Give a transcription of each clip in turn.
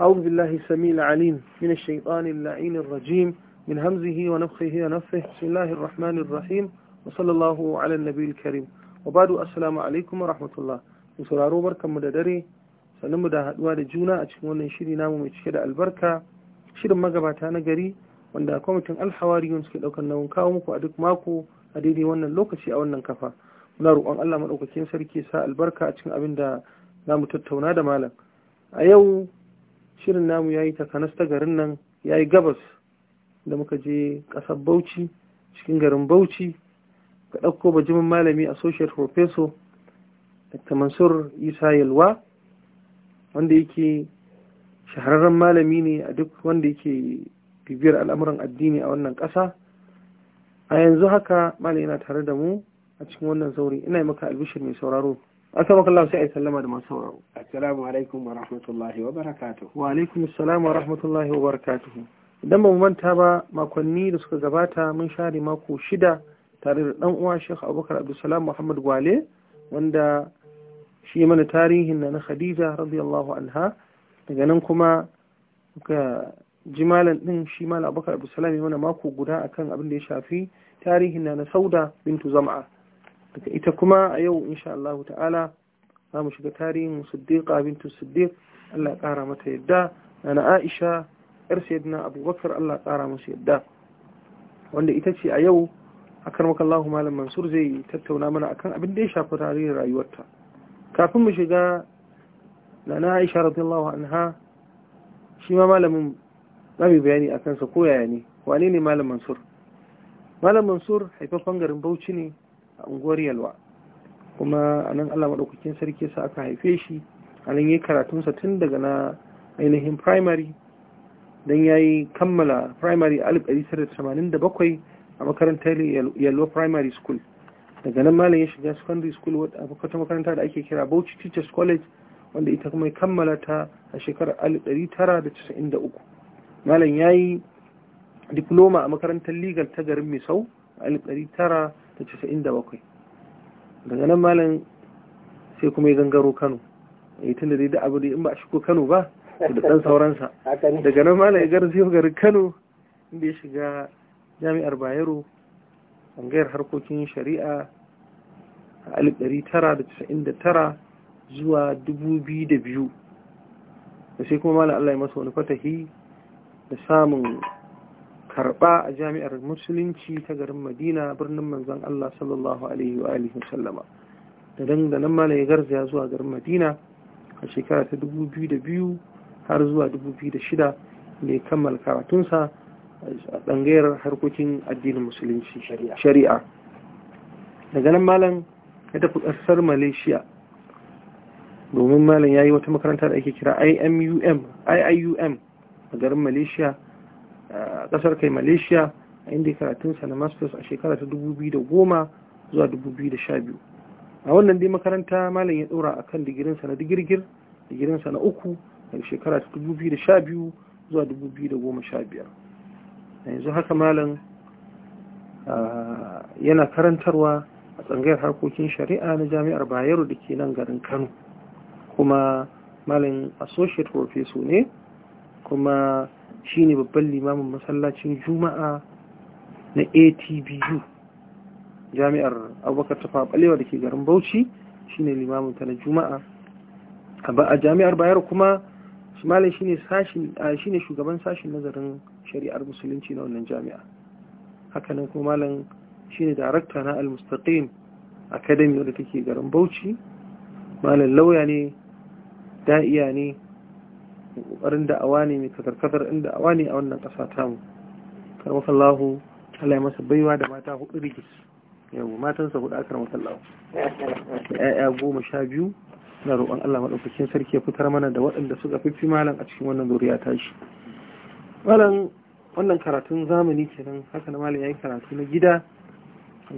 أعوذ بالله السميع العليم من الشيطان اللعين الرجيم من همزه ونفخه ونفه بسم الله الرحمن الرحيم وصلى الله على النبي الكريم وبعد السلام عليكم ورحمة الله sauraro barkanmu da dare mu da haduwa da juna a cikin wannan shiri namu mai cike da albarka shirin magabata na gari wanda kwamitin alhawariyun suke daukar nauyin kawo muku a duk mako a daidai wannan lokaci a wannan kafa muna roƙon Allah madaukakin sarki sa albarka a cikin abin da zamu tattauna da malam a yau shirin namu ya yi takanas ta garin nan ya yi gabas da muka je ƙasar bauchi cikin garin bauchi ga ɗauko bajimin malami associate professor dr mansur isa yalwa wanda yake shahararren malami ne a duk wanda yake bibiyar al'amuran addini a wannan ƙasa a yanzu haka malami yana tare da mu a cikin wannan zauri ina yi maka albishir mai sauraro أسألك الله سعيد سلم هذا السلام عليكم ورحمة الله وبركاته وعليكم السلام ورحمة الله وبركاته manta ba makonni da suka gabata mun share mako shida tare da dan uwa Sheikh Abubakar Abdulsalam Muhammad Gwale wanda shi mana tarihin na Khadija radiyallahu anha daga nan kuma muka ji malam din shi malam Abubakar Abdulsalam ya mana mako guda akan abin da ya shafi tarihin na Sauda bintu Zam'a daga ita kuma a yau insha Allah ta'ala za mu shiga tarihin siddiqa bintu siddiq Allah ya kara mata yadda na Aisha yar sayyidina Abubakar Allah ya kara masa yadda wanda ita ce a yau akan makallahu malam Mansur zai tattauna mana akan abin da ya shafi tarihin rayuwarta kafin mu shiga na Aisha radiyallahu anha shi ma malamin zamu bayani akan sa ko yaya ne wane ne malam Mansur malam Mansur haifafan garin Bauchi ne a unguwar yalwa kuma a nan allah maɗaukakin sarki sa aka haife shi a nan yi karatunsa tun daga na ainihin primary don ya yi kammala primary 1987 a makarantar yalwa primary school daga nan malam ya shiga secondary school a wata makaranta da ake kira bauchi teachers college wanda ita kuma ya kammala ta a shekarar 1993 malam ya yi diploma a makarantar legal ta garin misau a 1993 ta casa'in da bakwai daga nan malam sai kuma ya gangaro kano yi eh, tun da da abu da in ba a shigo kano ba da ɗan sauransa daga nan malam ya zai garin kano inda ya shiga jami'ar bayero tsangayar harkokin shari'a a 1999 zuwa 2002 da sai kuma malam allah ya masa wani fatahi da samun karba a jami'ar musulunci ta garin madina birnin manzan Allah sallallahu alaihi wa alihi sallama da danganan malaye garzaya zuwa garin madina a shekara ta 2002 har zuwa 2006 mai kammala karatunsa a ɗangayar harkokin addinin musulunci shari'a daga nan malam ya tafi ƙasar malaysia domin malam ya yi wata makaranta da ake kira iium a garin malaysia kasar kai malaysia a inda ya sa na masters a shekara ta 2010 zuwa 2012 a wannan dai makaranta malam ya ɗora a kan digirinsa na digirgir digirinsa na uku daga shekara ta 2012 zuwa 2015 yanzu haka malam yana karantarwa a tsangayar harkokin shari'a na jami'ar bayero da ke nan garin kano kuma malam associate professor ne kuma shine babban limamin masallacin juma'a na atbu jami'ar abubakar tafa balewa da ke garin bauchi shine limamin ta na juma'a a jami'ar bayar kuma shimalin ne shugaban sashin nazarin shari'ar musulunci na wannan jami'a hakanan kuma malam ne darakta na al-mustaqim academy wadda take garin bauchi malam lauya ne da'iya ne Ƙoƙarin kokarin awa ne mai kadarkadar in awa ne a wannan kasa tamu karmaka Allah Allah ya masa baiwa da mata hudu rigis yau matansa hudu aka karmaka Allah da ƴaƴa goma sha biyu na roƙon Allah maɗaukacin sarki ya fitar mana da waɗanda suka fi malam a cikin wannan zuriya tashi malam wannan karatun zamani kenan haka na ya yi karatu na gida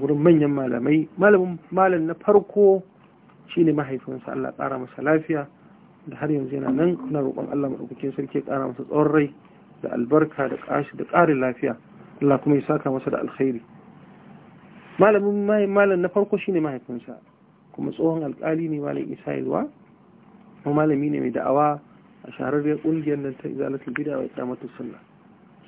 gurin manyan malamai malamin malam na farko shine mahaifinsa Allah ƙara masa lafiya da har yanzu yana nan kuna roƙon Allah madaukakin sarki ya ƙara masa tsawon rai da albarka da ƙashi da ƙarin lafiya Allah kuma ya saka masa da alkhairi malamin mai malam na farko shine mahaifinsa kuma tsohon alƙali ne malam Isa Yalwa kuma malami ne mai da'awa a shahararriyar kungiyar nan ta Izalatul Bid'a wa Iqamatu Sunnah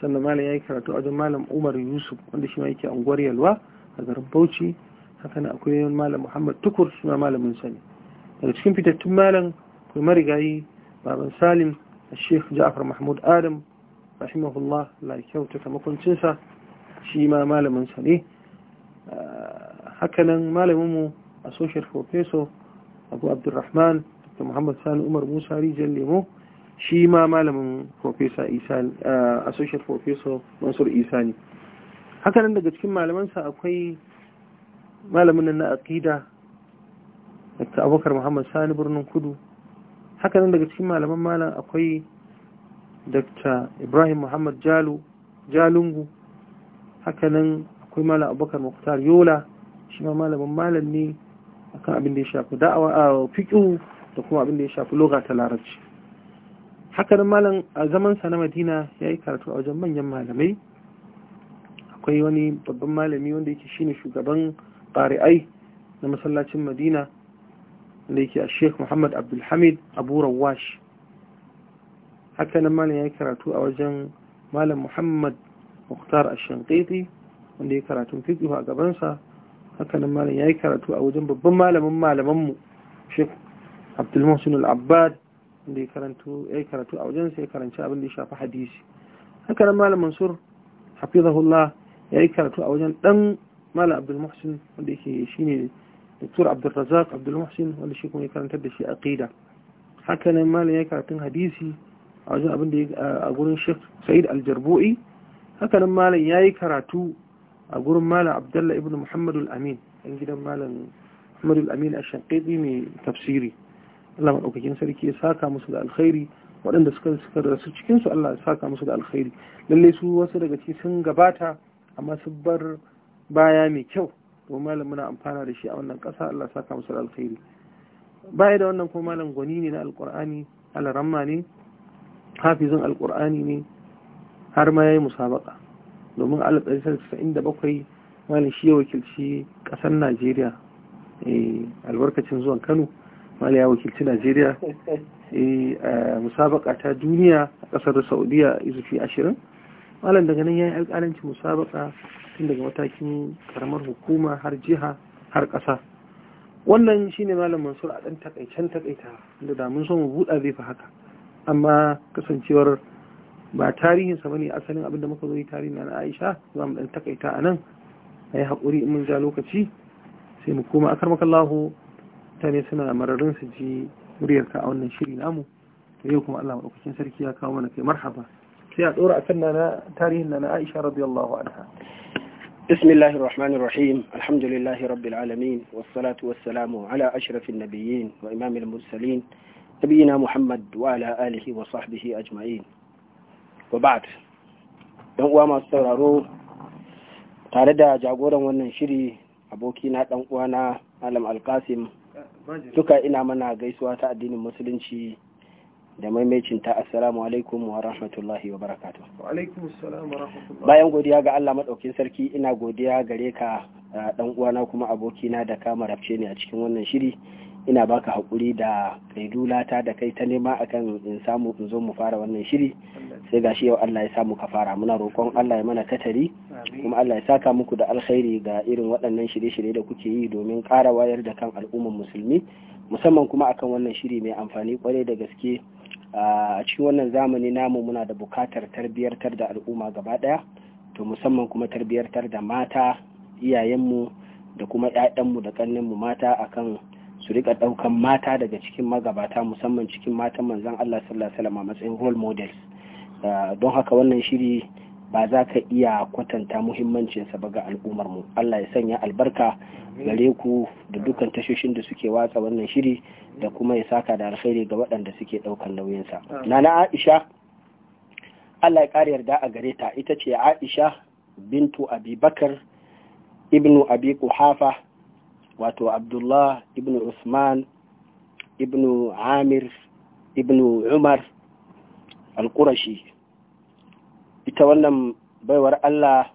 sannan malam yayi karatu a wajen malam Umar Yusuf wanda shi ma yake unguwar Yalwa a garin Bauchi haka akwai malam Muhammad Tukur suna malamin sani daga cikin fitattun malam akwai marigayi baban salim sheikh ja'afar mahmud adam rahimahullah la ta makoncinsa shi ma malamin sa ne ah, hakanan malaminmu associate professor abu Abdurrahman, da muhammad sani umar musa rijiyar lemo shi ma malamin professor ah, associate professor mansur isa ne hakanan daga cikin malamansa akwai malamin na aqida da abokar muhammad sani birnin kudu hakanan daga cikin malaman malam akwai dr ibrahim muhammad jalungu hakanan akwai malam abubakar muktar yola shi ma malaman malam ne akan abin da ya shafi da'awa a fiƙi da kuma abin da ya shafi loga ta larabci hakanan malam a zaman sa na madina ya yi karatu a wajen manyan malamai akwai wani babban malami wanda yake shine shugaban ƙari'ai na masallacin madina da yake a sheikh muhammad abdulhamid abu rawash haka nan malam ya yi karatu a wajen malam muhammad muhtar ashankaiti wanda ya karatu fiƙihu a gabansa haka nan malam ya yi karatu a wajen babban malamin malamanmu sheikh abdulmuhsin al'abbad wanda ya yi karatu a wajensa ya karanci abin da ya shafi hadisi haka nan malam mansur hafizahullah ya yi karatu a wajen ɗan malam abdulmuhsin wanda yake shine دكتور عبد الرزاق عبد المحسن wanda shi kuma ya karantar da shi aqida haka nan malam ya karatun hadisi a wajen abin da a gurin Sheikh Said Al-Jarbu'i haka nan malam yayi karatu a gurin malam Abdullah ibn Muhammad Al-Amin dan gidan malam Muhammad Al-Amin Ash-Shanqiti mai tafsiri Allah madaukakin sarki ya saka musu da alkhairi waɗanda suka suka rasu cikin su Allah ya saka musu da alkhairi lalle su wasu daga cikin sun gabata amma sun bar baya mai kyau kuma malam muna amfana da shi a wannan ƙasa Allah saka musu alkhairi baya da wannan kuma malam gwani ne na alƙur'ani alaramma ne hafizin alƙur'ani ne har ma ya yi musabaka domin alif ɗari casa'in da bakwai malam shi ya wakilci ƙasar najeriya eh, albarkacin zuwan kano malam ya wakilci najeriya eh, musabaka ta duniya a ƙasar saudiya izufi 20. malam daga nan ya yi alƙalancin musabaka tun daga matakin karamar hukuma har jiha har ƙasa wannan shi ne malam mansur a ɗan takaicen takaita da damun so mu buɗa zai fi haka amma kasancewar ba tarihinsa ba ne asalin abinda muka zo yi tarihin na aisha za mu ɗan takaita a nan a yi haƙuri in mun ja lokaci sai mu koma akar makallahu mutane suna mararin su ji muryarka a wannan shiri namu yau kuma allah maɗaukakin sarki ya kawo mana kai marhaba sai a ɗora a kan nana tarihin nana Aisha radiyallahu anha. Alhamdulillahi Rabbil Alamin, ala ashirafin nabiyyin wa imamil musalin, nabiyina Muhammad wa ala alihi wa sahbihi ajma'in. Wa ba'd, don uwa masu tauraro tare da jagoran wannan shiri abokina na ɗan uwa na Malam Alkasim duka ina mana gaisuwa ta addinin musulunci da maimacin ta assalamu alaikum wa rahmatullahi wa barakatu bayan godiya ga Allah maɗaukin sarki ina godiya gare ka ɗan uwana kuma abokina da ka marabce ne a cikin wannan shiri ina baka haƙuri da kai dulata da kai ta nema akan in samu in zo mu fara wannan shiri sai gashi yau Allah ya samu ka fara muna roƙon Allah ya mana katari kuma Allah ya saka muku da alkhairi ga irin waɗannan shirye-shirye da kuke yi domin ƙara wayar da kan al'ummar musulmi musamman kuma akan wannan shiri mai amfani kwarai da gaske a cikin wannan zamani namu muna da bukatar tarbiyartar da al'umma gaba daya to musamman kuma tarbiyartar da mata iyayenmu da kuma 'ya'yanmu da ƙannenmu mata akan su rika ɗaukan mata daga cikin magabata musamman cikin matan manzon Allah sallallahu alaihi wasallam a matsayin role models don haka wannan shiri ba za ka iya kwatanta muhimmancinsa ba ga al'ummar mu Allah ya sanya albarka gare ku da dukkan tashoshin da suke watsa wannan shiri da kuma ya saka da alkhairi ga waɗanda suke ɗaukar nauyinsa nana Aisha Allah ya ƙara yarda a gare ta ita ce Aisha bintu Abi ibnu Abi Quhafa wato Abdullah ibnu Usman ibnu Amir ibnu Umar al-Qurashi ita wannan baiwar Allah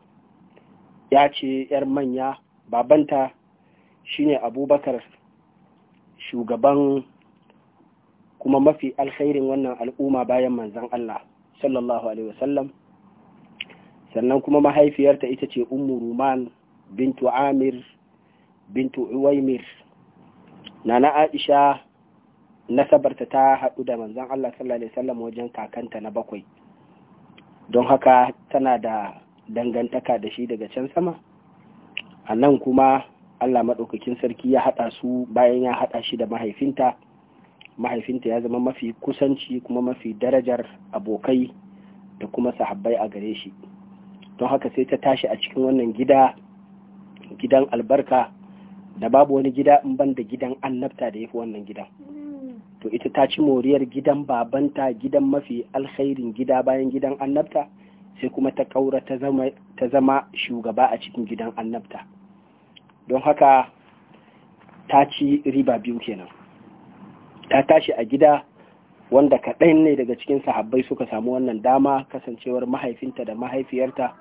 ya ce ‘yar manya babanta shi ne abubakar shugaban kuma mafi alkhairin wannan al'umma bayan manzan Allah sallallahu alaihi wasallam sannan kuma mahaifiyarta ita ce ummu ruman bintu amir bintu uwaimir nana aisha nasabarta ta haɗu da manzan Allah sallallahu alaihi wasallam wajen kakanta na bakwai don haka tana da dangantaka da shi daga can sama a nan kuma allah maɗaukakin sarki ya haɗa su bayan ya haɗa shi da mahaifinta mahaifinta ya zama mafi kusanci kuma mafi darajar abokai da kuma sahabbai a gare shi don haka sai ta tashi a cikin wannan gida gidan albarka da babu wani gida in ban da gidan annabta da ya fi wannan gidan to ita ta ci moriyar gidan babanta gidan mafi alkhairin gida bayan gidan annabta sai kuma ta kaura ta zama shugaba a cikin gidan annabta don haka ta ci riba biyu kenan ta tashi a gida wanda kaɗan ne daga cikin sahabbai suka samu wannan dama kasancewar mahaifinta da mahaifiyarta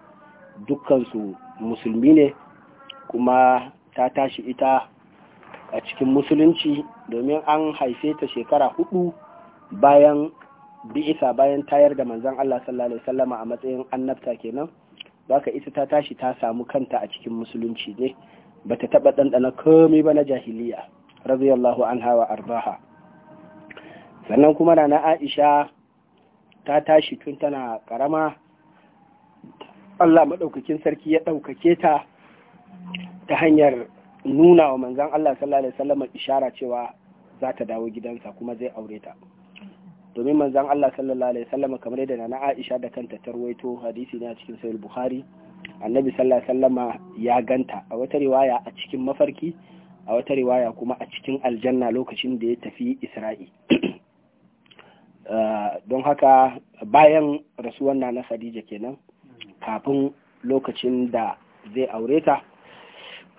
dukkansu musulmi ne kuma ta tashi ita a cikin musulunci domin an haife ta shekara hudu bayan bi'isa bayan tayar da manzan Allah sallallahu alaihi wasallama a matsayin annabta kenan ka ita ta tashi ta samu kanta a cikin musulunci ne Ba ta taba ɗanɗana komai ba na jahiliya radiyallahu an hawa arbaha sannan kuma na Aisha ta tashi tun tana karama Allah maɗaukakin sarki ya ɗaukake ta ta hanyar nuna wa manzan Allah sallallahu alaihi wasallam ishara cewa za ta dawo gidansa kuma zai aure ta domin manzan Allah sallallahu alaihi wasallam kamar yadda nana Aisha da kanta tarwaito hadisi ne a cikin sahih Bukhari annabi sallallahu alaihi wasallama ya ganta a wata riwaya a cikin mafarki a wata riwaya kuma a cikin aljanna lokacin da ya tafi Isra'i ah, don haka bayan rasuwan na Khadija kenan kafin lokacin da zai aure ta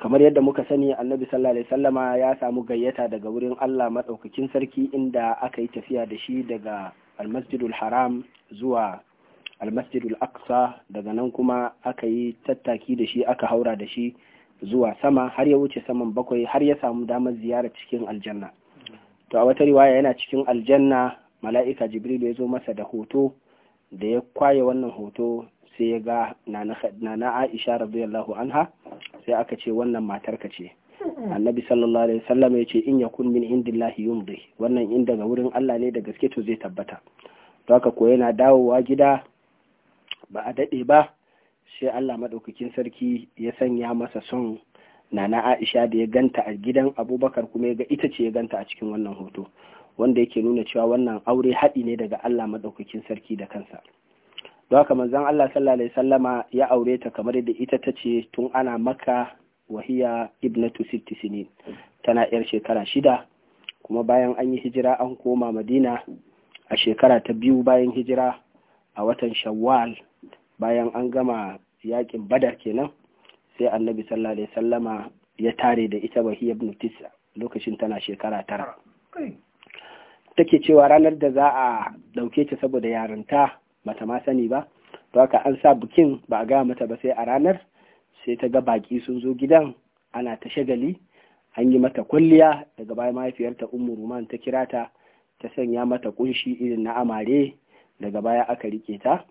kamar yadda muka sani annabi sallallahu alaihi sallama ya samu gayyata daga wurin Allah maɗaukakin sarki inda aka yi tafiya da shi daga almasjidul haram zuwa almasjidul aqsa daga nan kuma aka yi tattaki da shi aka haura da shi zuwa sama har ya wuce saman bakwai har ya samu damar ziyara cikin aljanna to a wata riwaya yana cikin aljanna mala'ika jibril ya zo masa da hoto da ya kwaye wannan hoto sai ya ga nana aisha radiyallahu anha sai aka ce wannan matarka ce annabi sallallahu alaihi wasallam ya ce in yakun min indillahi yumdi wannan in daga wurin Allah ne da gaske to zai tabbata to haka ko yana dawowa gida ba a dade ba sai Allah madaukakin sarki ya sanya masa son nana Aisha da ya ganta a gidan Abubakar kuma ya ga ita ce ya ganta a cikin wannan hoto wanda yake nuna cewa wannan aure haɗi ne daga Allah madaukakin sarki da kansa don haka manzon Allah sallallahu alaihi sallama ya aure ta kamar da ita ta ce tun ana maka wahiya ibnatu sitti tana yar shekara shida kuma bayan an yi hijira an koma madina a shekara ta biyu bayan hijira a watan shawwal bayan an gama yakin badar kenan sai annabi sallallahu alaihi sallama ya tare da ita wahiya ibn tisa lokacin tana shekara tara take cewa ranar da za a ɗauke ta saboda yarinta mata ma sani ba to haka an sa bukin ba a gaya mata ba sai a ranar sai ta ga baki sun zo gidan ana ta shagali an yi mata kwalliya daga baya mahaifiyarta ummu ruman ta kira ta ta sanya mata kunshi irin na amare daga baya aka rike ta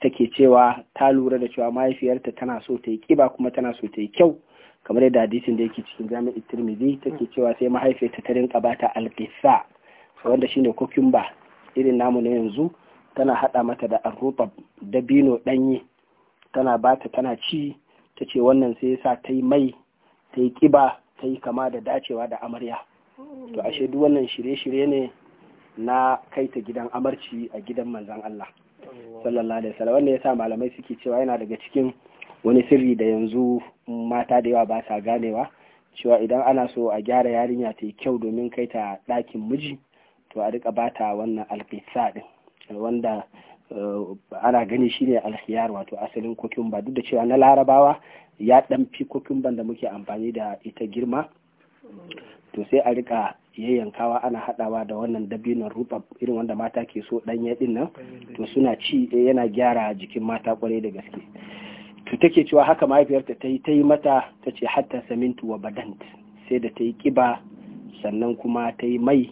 take cewa ta lura da cewa mahaifiyarta tana so ta yi kiba kuma tana so ta yi kyau kamar yadda hadisin da yake cikin jami'in tirmidhi take cewa sai mahaifiyarta ta rinka bata alqissa wanda shine kokumba irin namu na yanzu tana haɗa mata da arruba dabino ɗanye tana bata tana ci ta ce wannan sai yasa ta yi mai ta yi ƙiba ta yi kama da dacewa da amarya to ashe duk wannan shirye-shirye ne na kai ta gidan amarci a gidan manzan Allah sallallahu alaihi wasallam wanda yasa malamai suke cewa yana daga cikin wani sirri da yanzu mata da yawa ba sa ganewa cewa idan ana so a gyara yarinya ta yi kyau domin kai ta ɗakin miji to a rika bata wannan alƙisa din wanda eh, ana gani shine alkhiyar wato asalin kokumba duk da cewa na larabawa ya dan fi kokumban da muke amfani da ita girma to sai a rika yayyankawa ana hadawa da wannan dabinon rufa irin wanda mata ke so danye din nan to suna ci eh, yana gyara jikin mata kwarai da gaske to take cewa haka mahaifiyarta ta yi ta yi mata ta ce hatta samintu wa badant sai da ta yi kiba sannan kuma ta yi mai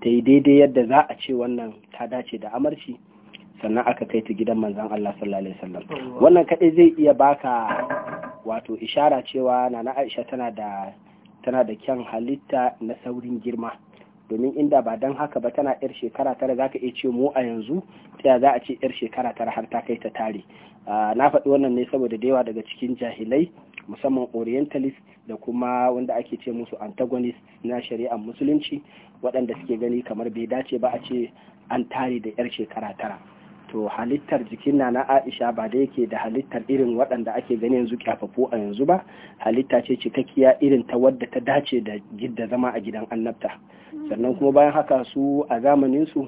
ta yi daidai yadda za a ce wannan ta dace da amarci sannan aka kai ta gidan manzan Allah sallallahu alaihi wasallam wannan kadai zai iya baka wato ishara cewa nana Aisha tana da tana da kyan halitta na saurin girma domin inda ba dan haka ba tana yar shekara tara zaka iya ce mu a yanzu taya za a ce yar shekara tara har ta kai ta tare na faɗi wannan ne saboda da yawa daga cikin jahilai musamman orientalist da kuma wanda ake ce musu antagonist na shari'ar musulunci waɗanda suke gani kamar bai dace ba a ce an tare da yar shekara tara to halittar jikin na na aisha ba da yake da halittar irin waɗanda ake gani yanzu kyafafu a yanzu ba halitta ce cikakkiya irin ta wadda ta dace da gidda zama a gidan annabta sannan kuma bayan haka su a zamanin su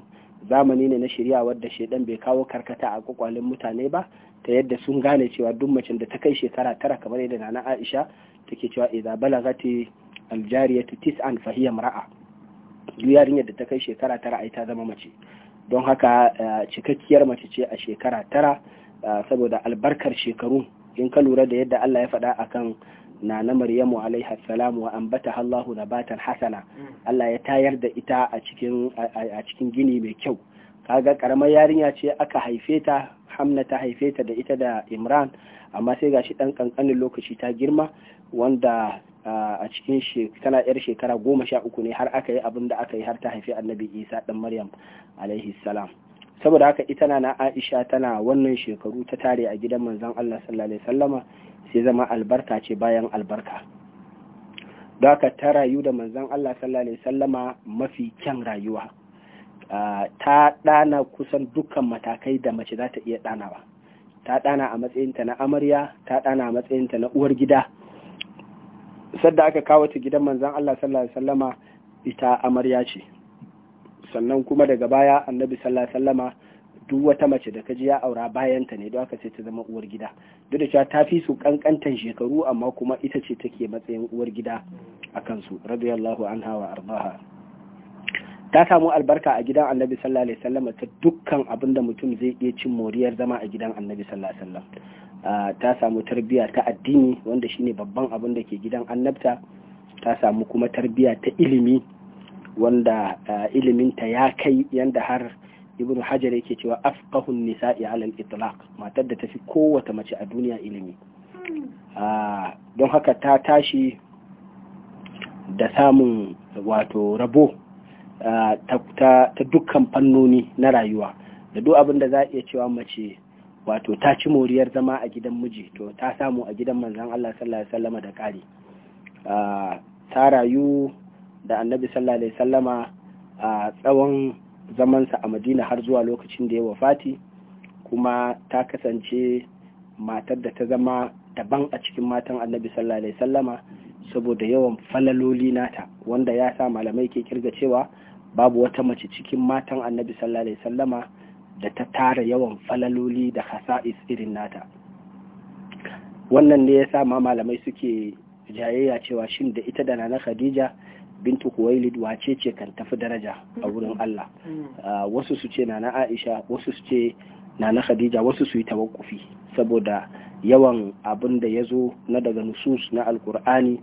zamani ne na shirya wadda shaidan bai kawo karkata a kwakwalin mutane ba ta yadda sun gane cewa duk macen da ta kai shekara tara kamar yadda na aisha take cewa idza balagati aljariyatu an fahiya mar'a yarinyar da ta kai shekara tara a ta zama mace don haka eh, cikakkiyar mace ce a shekara tara eh, saboda albarkar shekaru in ka lura da yadda Allah ya faɗa akan na na Maryamu alaiha salam wa ambata Allahu nabatan hasana mm. Allah ya tayar da ita a cikin gini mai kyau kaga karamar yarinya ce aka haife ta Hamna ta haife ta da ita da Imran amma sai gashi ɗan kankanin lokaci ta girma wanda Ah, a cikin tana yar shekara goma sha uku ne har aka yi abin da aka yi har ta haifi annabi isa dan maryam alaihi salam saboda haka ita na aisha tana wannan shekaru ta tare a gidan manzon allah sallallahu alaihi sallama sai zama albarka ce bayan albarka da ta rayu da manzon allah sallallahu alaihi sallama mafi kyan rayuwa ah, ta ɗana kusan dukkan matakai da mace za ta iya ɗanawa ta ɗana a matsayinta na amarya ta ɗana a matsayinta na uwar gida sadda aka kawo ta gidan manzan Allah sallallahu alaihi wasallama ita amarya ce sannan kuma daga baya annabi sallallahu alaihi wasallama duk wata mace da kaji ya aura bayan ta ne don aka sai ta zama uwar gida duk da cewa ta fi su kankantan shekaru amma kuma ita ce take matsayin uwar gida akan su radiyallahu anha wa ardaha ta samu albarka a gidan annabi sallallahu alaihi wasallam ta dukkan abin mutum zai iya cin moriyar zama a gidan annabi sallallahu alaihi wasallam ta samu tarbiyya ta addini wanda shine babban abin da ke gidan annabta ta samu kuma tarbiyya ta ilimi wanda iliminta ya kai yanda har ibn hajar yake cewa afqahun nisa'i ala al-itlaq matar da tafi kowace mace a duniya ilimi don haka ta tashi da samun wato rabo ta dukkan fannoni na rayuwa da duk abin da za a iya cewa mace wato ta ci moriyar zama a gidan miji to ta samu a gidan manzan Allah sallallahu alaihi wasallama da ƙari ta rayu da annabi sallallahu alaihi wasallama a tsawon zamansa a madina har zuwa lokacin da ya wafati kuma ta kasance matar da ta zama daban a cikin matan annabi sallallahu alaihi wasallama saboda yawan falaloli nata wanda ya sa malamai ke kirga cewa babu wata mace cikin matan annabi sallallahu alaihi sallama da ta tara yawan falaloli da hasa'is irin nata wannan ne ya sa ma malamai suke jayayya cewa shin da ita da nana khadija bintu kuwailid wace ce kan tafi daraja a wurin allah mm-hmm. uh, wasu su ce nana aisha wasu su ce nana khadija wasu su yi tawakkufi saboda yawan abin da ya zo na daga nusus na alkur'ani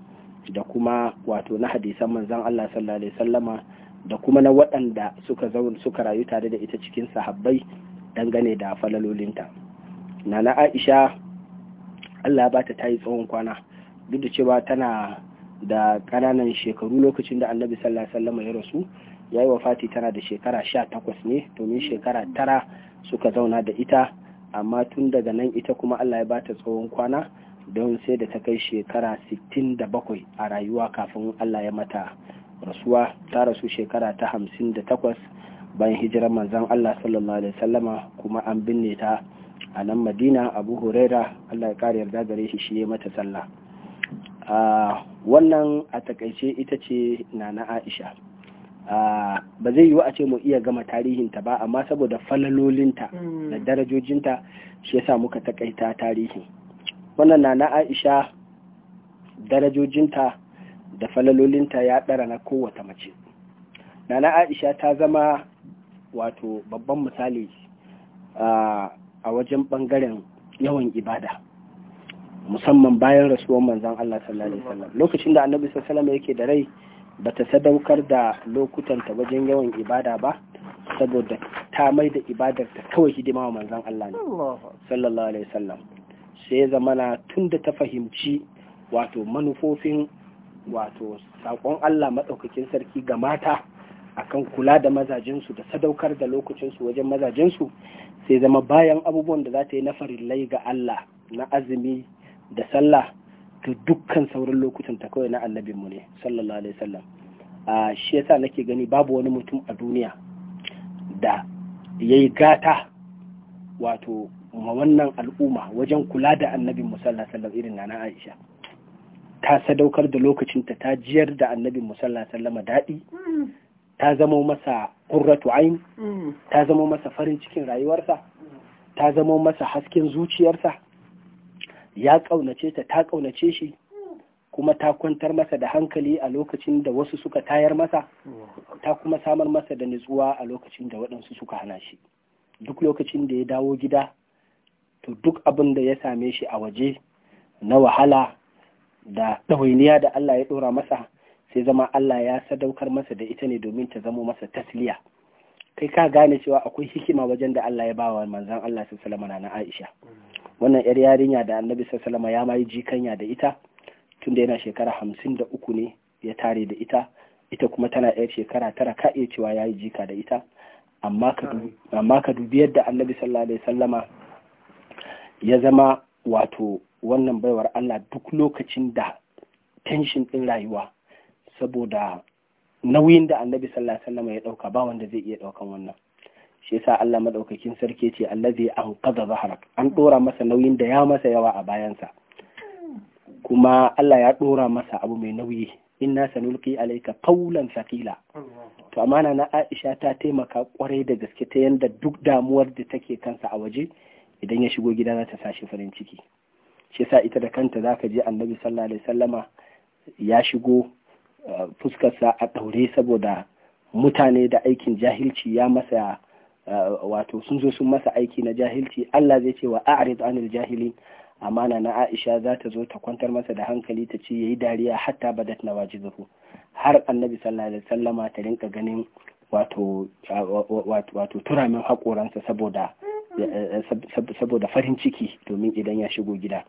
da kuma wato na hadisan manzan allah sallallahu alaihi sallama da kuma na waɗanda suka zaun suka rayu tare da ita cikin sahabbai dangane da falalolinta na aisha allah ba ta tayi tsohon kwana duk da cewa tana da ƙananan shekaru lokacin da annabi sallallahu alaihi wasallam ya rasu ya yi wafati tana da shekara sha takwas ne domin shekara tara suka zauna da ita amma tun daga nan ita kuma allah ya ba ta tsawon kwana don sai da ta kai shekara sittin da bakwai a rayuwa kafin allah ya mata rasuwa ta rasu shekara ta hamsin da takwas bayan hijirar manzan Allah sallallahu alaihi wasallama kuma an binne ta a nan Madina Abu Huraira Allah ya kare yarda gare shi shi ya mata sallah wannan a takaice ita ce nana Aisha ba zai yiwu a ce mu iya gama tarihinta ba amma saboda falalolinta hmm. da darajojinta shi ya yasa muka takaita tarihi wannan nana Aisha darajojinta da falalolinta ya ɗara na kowace mace nana aisha ta zama wato babban misali a wajen ɓangaren yawan ibada musamman bayan rasuwar manzan Allah sallallahu alaihi wasallam lokacin da annabi sallallahu yake da rai bata sadaukar da lokutanta wajen yawan ibada ba saboda ta mai da ibadar ta kawai hidima wa manzan Allah ne sallallahu alaihi wasallam sai zamana da ta fahimci wato manufofin wato sakon Allah maɗaukakin sarki ga mata akan kula da mazajensu da sadaukar da lokacinsu wajen mazajensu sai zama bayan abubuwan da za ta yi na farillai ga Allah na azumi da sallah to dukkan sauran lokutan ta kawai na annabinmu ne sallallahu alaihi wasallam a shi yasa nake gani babu wani mutum a duniya da yayi gata wato ma wannan al'umma wajen kula da annabin musalla sallallahu irin na Aisha ta sadaukar da lokacin ta ta jiyar da annabin musalla sallama daɗi ta zamo masa ƙurratu ain ta zama masa farin cikin rayuwarsa ta zama masa hasken zuciyarsa ya ƙaunace ta ta ƙaunace shi kuma ta kwantar masa da hankali a lokacin da wasu suka tayar masa ta kuma samar masa da nutsuwa a lokacin da waɗansu suka hana shi duk lokacin da ya dawo gida to duk abin da ya same shi a waje na wahala da ɗawainiya da Allah ya ɗora masa sai zama Allah ya sadaukar masa da ita ne domin ta zamo masa tasliya kai ka gane cewa akwai hikima wajen da Allah ya ba wa manzan Allah su salama na Aisha wannan yar yarinya da Annabi salama ya mayi jikanya da ita tunda yana shekara hamsin da uku ne ya tare da ita ita kuma tana yar shekara tara ka iya cewa yayi jika da ita amma ka dubi yadda Annabi sallallahu alaihi ya zama wato wannan baiwar Allah duk lokacin da tension ɗin rayuwa saboda nauyin da annabi sallallahu alaihi wasallam ya ɗauka ba wanda zai iya ɗaukan wannan shi yasa Allah madaukakin sarki ce allazi an qada zahrak an dora masa nauyin da ya masa yawa a bayansa kuma Allah ya dora masa abu mai nauyi inna sanulqi alayka qawlan thaqila to amana na Aisha ta taimaka kwarai da gaske ta yanda duk damuwar da take kansa a waje idan ya shigo gida za ta sashi farin ciki shi sa ita da kanta za ka je annabi sallallahu alaihi sallama ya shigo uh, fuskarsa a ɗaure saboda mutane da aikin jahilci ya masa uh, wato sun zo sun masa aiki na jahilci Allah zai ce wa a'rid anil jahilin amana na Aisha za ta zo ta kwantar masa da hankali ta ce yayi dariya hatta badat wajibu har annabi sallallahu alaihi wasallama ta rinka ganin wato uh, wato turamin hakoransa saboda Eh, saboda farin ciki domin idan ya shigo gida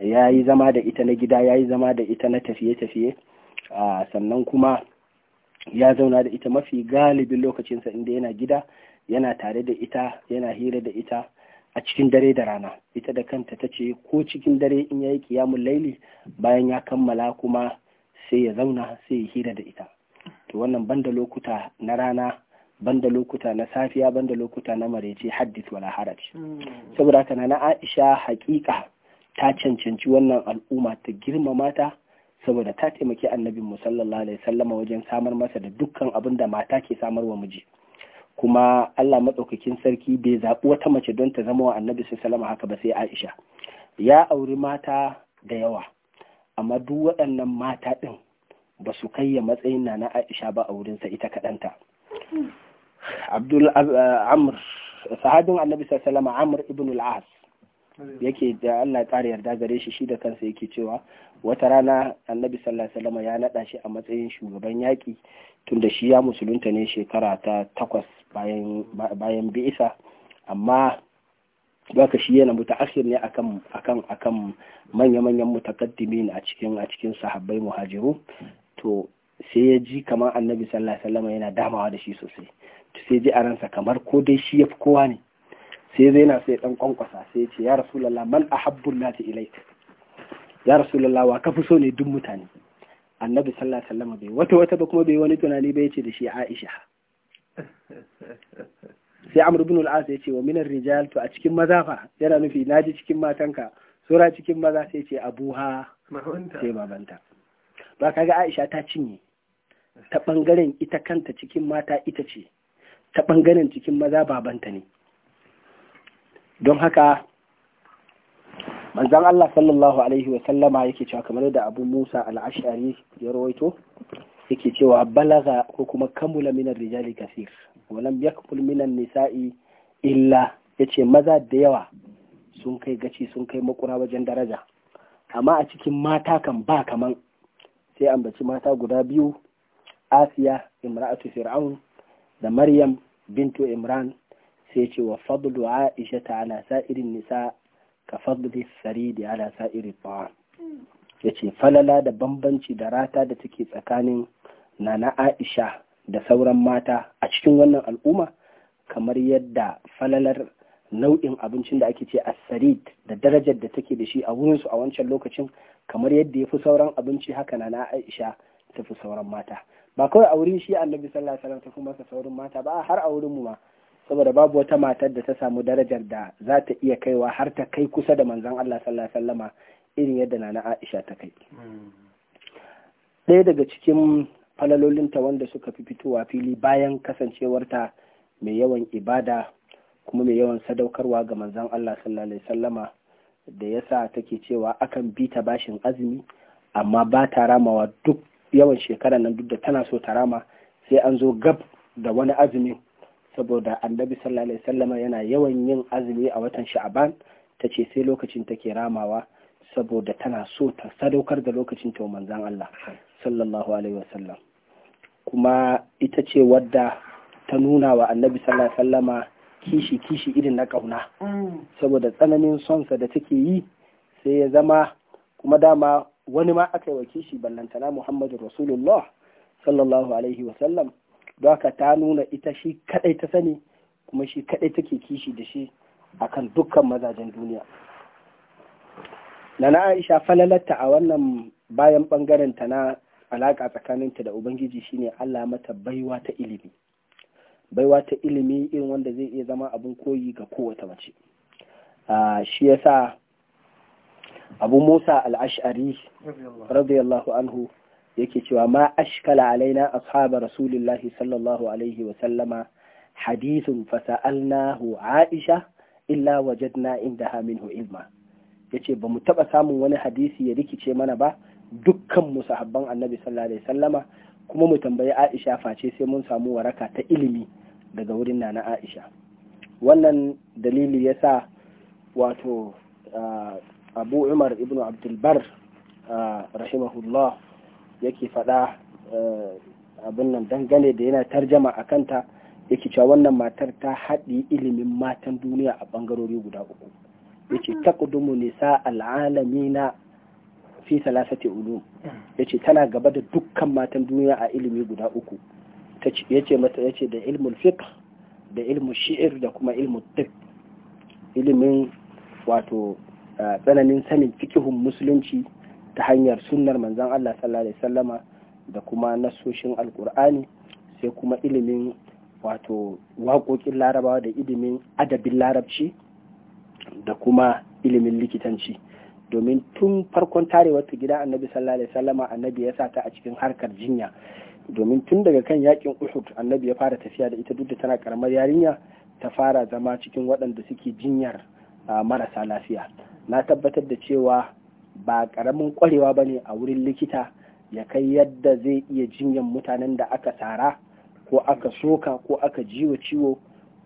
ya yi zama da ita na gida ya yi zama da ita na tafiye-tafiye ah, sannan kuma ya zauna da ita mafi galibin lokacinsa inda yana gida yana tare da ita yana hira da ita a cikin dare da rana ita da kanta ta ce ko cikin dare in ya yi kiyamun laili bayan ya kammala kuma sai ya zauna sai ya hira da ita to wannan banda lokuta na rana banda lokuta na safiya banda lokuta na marece haddith wala haraj hmm. saboda haka na Aisha haƙiƙa ta cancanci wannan al'umma ta girmama ta saboda ta taimaki annabi mu sallallahu alaihi wasallama wajen samar masa da dukkan abin da mata ke samar wa miji kuma Allah madaukakin sarki bai zaɓi wata mace don ta zama wa annabi sallallahu haka ba sai Aisha ya auri mata da yawa amma duk waɗannan mata ɗin ba su kai ya matsayin na Aisha ba a sa ita kaɗanta. Hmm. abdul uh, amr sahabin annabi sallallahu amr ibn al-as yake da Allah tsari yarda gare shi shi da kansa yake cewa wata rana annabi sallallahu alaihi wasallam ya nada shi a matsayin shugaban yaki tunda shi ya musulunta ne shekara ta takwas bayan bayan bi'isa amma baka shi yana mutaakhir ne akan akan akan manya-manyan mutakaddimin a cikin a cikin sahabbai muhajiru to sai ya ji kamar annabi sallallahu alaihi wasallam yana damawa da shi sosai sai ji a ransa kamar ko dai shi yafi kowa ne sai zai na sai dan kwankwasa sai ya ce ya rasulullah man ahabbu lati ilaik ya rasulullah wa kafi so ne duk mutane annabi sallallahu alaihi wasallam bai wata wata ba kuma bai wani tunani ba yace da shi Aisha sai Amr ibn al-As yace wa minar rijal to a cikin maza fa yana nufi naji cikin matanka sura cikin maza sai ce abuha sai babanta ba kaga Aisha ta cinye ta bangaren ita kanta cikin mata ita ce ta ɓangaren cikin maza babanta ne don haka manzan Allah sallallahu alaihi wa yake cewa kamar da abu Musa al'ashari ya rawaito yake cewa balaga ko kuma kamula minar rijali kasir walam yakmul minan nisa'i illa yace maza da yawa sun kai gaci sun kai makura wajen daraja amma a cikin mata kan ba kaman sai ambaci mata guda biyu Asiya imra'atu fir'aun da Maryam bintu imran sai ce wa fadlu aisha ta ala sa'irin nisa ka fadli saridi ala sa'irin ta'am ya ce falala da bambanci da rata da take tsakanin nana aisha da sauran mata a cikin wannan al'umma kamar yadda falalar nau'in abincin da ake ce a sarid da darajar da take da shi a wurinsu a wancan lokacin kamar yadda ya fi sauran abinci haka na na aisha ta fi sauran mata ba kawai a wurin shi annabi sallallahu alaihi wasallam ta kuma saurin mata ba har a wurin mu ma saboda babu wata matar da ta samu darajar da za ta iya kaiwa har ta kai kusa da manzon Allah sallallahu alaihi wasallama irin yadda nana Aisha ta kai ɗaya daga cikin falalolinta wanda suka fi fitowa fili bayan kasancewarta mai yawan ibada kuma mai yawan sadaukarwa ga manzon Allah sallallahu alaihi wasallama da yasa take cewa akan bi ta bashin azumi amma ba ta ramawa duk yawan shekarar nan duk da tana so ta rama sai an zo gab da wani azumi saboda annabi sallallahu alaihi wasallama yana yawan yin azumi a watan sha'aban ta ce sai lokacin take ramawa saboda tana so ta sadaukar da lokacin ta manzan Allah sallallahu alaihi wasallam kuma ita ce wadda ta nuna wa annabi sallallahu alaihi wasallama kishi kishi irin na kauna mm. saboda tsananin son sa da take yi sai ya zama kuma dama wani ma aka yi wa kishi ballantana muhammadu rasulullah sallallahu alaihi wasallam don aka ta nuna ita shi kadai ta sani kuma shi kadai take kishi da shi akan dukkan mazajen duniya nana aisha falalatta a wannan bayan bangaren ta na alaka tsakaninta da ubangiji shine allah mata baiwa ta ilimi baiwa ta ilimi irin wanda zai iya zama abin koyi ga kowace mace ah, shi yasa abu musa al'ash'ari radiyallahu anhu yake cewa ma ashkala alaina ashaba rasulillahi sallallahu alaihi wa sallama hadithun fasa'alnahu aisha illa wajen wajadna indaha hu ilma yace ba mu taba samun wani hadisi ya rikice mana ba dukkan mu sahabban annabi sallallahu alaihi sallama kuma mu tambayi aisha face sai mun samu waraka ta ilimi daga wurin nana aisha wannan dalili yasa wato ah, abu umar ibn abdulbar rahimahullah yake faɗa abin nan dangane da yana tarjama a kanta yake cewa wannan matar ta haɗi ilimin matan duniya a ɓangarori guda uku yake mm-hmm. taqdumu nisa al'alamina fi salasati ulum yace tana gaba da dukkan matan duniya a ilimi guda uku yace mata yace da ilmul fiqh da ilmul shir da kuma ilmul tibb ilimin wato tsananin sanin fikihun musulunci ta hanyar sunnar manzan Allah sallallahu alaihi wasallama da kuma nasoshin alkur'ani sai kuma ilimin wato waƙoƙin larabawa da ilimin adabin larabci da kuma ilimin likitanci domin tun farkon tarewar ta gida annabi sallallahu alaihi wasallama annabi ya sa ta a cikin harkar jinya domin tun daga kan yakin uhud annabi ya fara tafiya da ita duk da tana karamar yarinya ta fara zama cikin waɗanda suke jinyar marasa lafiya na tabbatar da cewa ba ƙaramin ƙwarewa ba ne a wurin likita ya kai yadda zai iya jinyan mutanen da aka tsara ko aka soka ko aka jiwa ciwo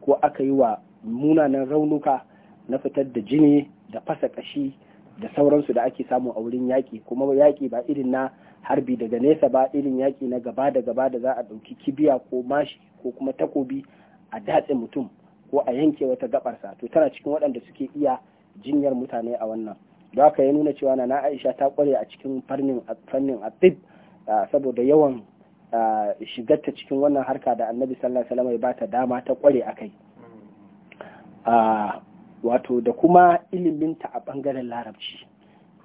ko aka yi wa munanan raunuka na fitar da jini da fasa ƙashi da sauransu da ake samu a wurin yaƙi kuma yaƙi ba irin na harbi daga nesa ba irin yaƙi na gaba da gaba da za a ɗauki kibiya ko mashi ko kuma takobi a datse mutum ko a yanke wata gabarsa to tana cikin waɗanda suke iya jinyar mutane a wannan don haka ya nuna cewa na aisha ta kware a cikin fannin fannin atib saboda yawan shigarta cikin wannan harka da annabi sallallahu alaihi wasallam ya bata dama ta kware akai wato da kuma iliminta a bangaren larabci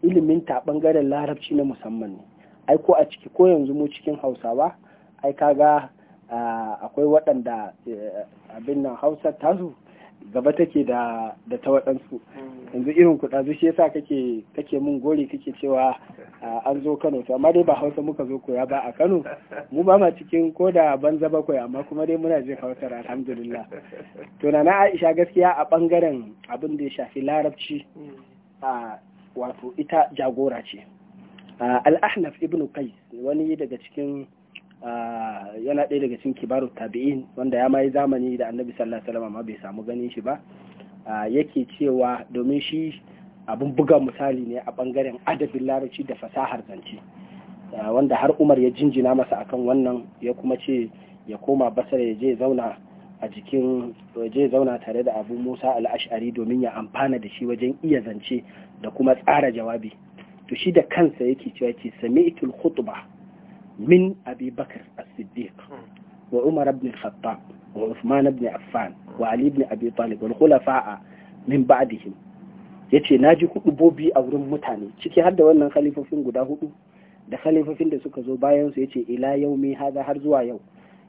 iliminta a bangaren larabci na musamman ne ai ko a ciki ko yanzu mu cikin hausawa ai kaga Ah, akwai waɗanda eh, abin nan hausa tasu gaba take da da ta waɗansu mm. yanzu irin kuɗa shi yasa kake kake mun gori kake cewa ah, an zo Kano to amma dai ba Hausa muka zo koya ba a Kano mu ba ma cikin koda banza koya amma kuma dai muna jin Hausar alhamdulillah to na Aisha gaskiya a bangaren abin da ya shafi larabci mm. a ah, wato ita jagora ce al-Ahnaf ibnu kai wani daga cikin Ah, yana ɗaya daga cikin kibaru tabi'in wanda ya mai zamani da annabi sallallahu alaihi wasallam bai samu ganin shi ba ah, yake cewa domin shi abun buga misali ne a bangaren adabin larabci da fasahar zance ah, wanda har umar ya jinjina masa akan wannan ya kuma ce ya koma basar ya je zauna a jikin je zauna tare da abu musa al ash'ari domin ya amfana da shi wajen iya zance da kuma tsara jawabi to shi da kansa yake cewa ce sami'tul khutbah من أبي بكر الصديق وعمر بن الخطاب وعثمان بن عفان وعلي بن أبي طالب والخلفاء من بعدهم yace na ji hudu bobi a wurin mutane ciki har da wannan khalifofin guda hudu da khalifofin da suka zo bayan su yace ila yau mai har zuwa yau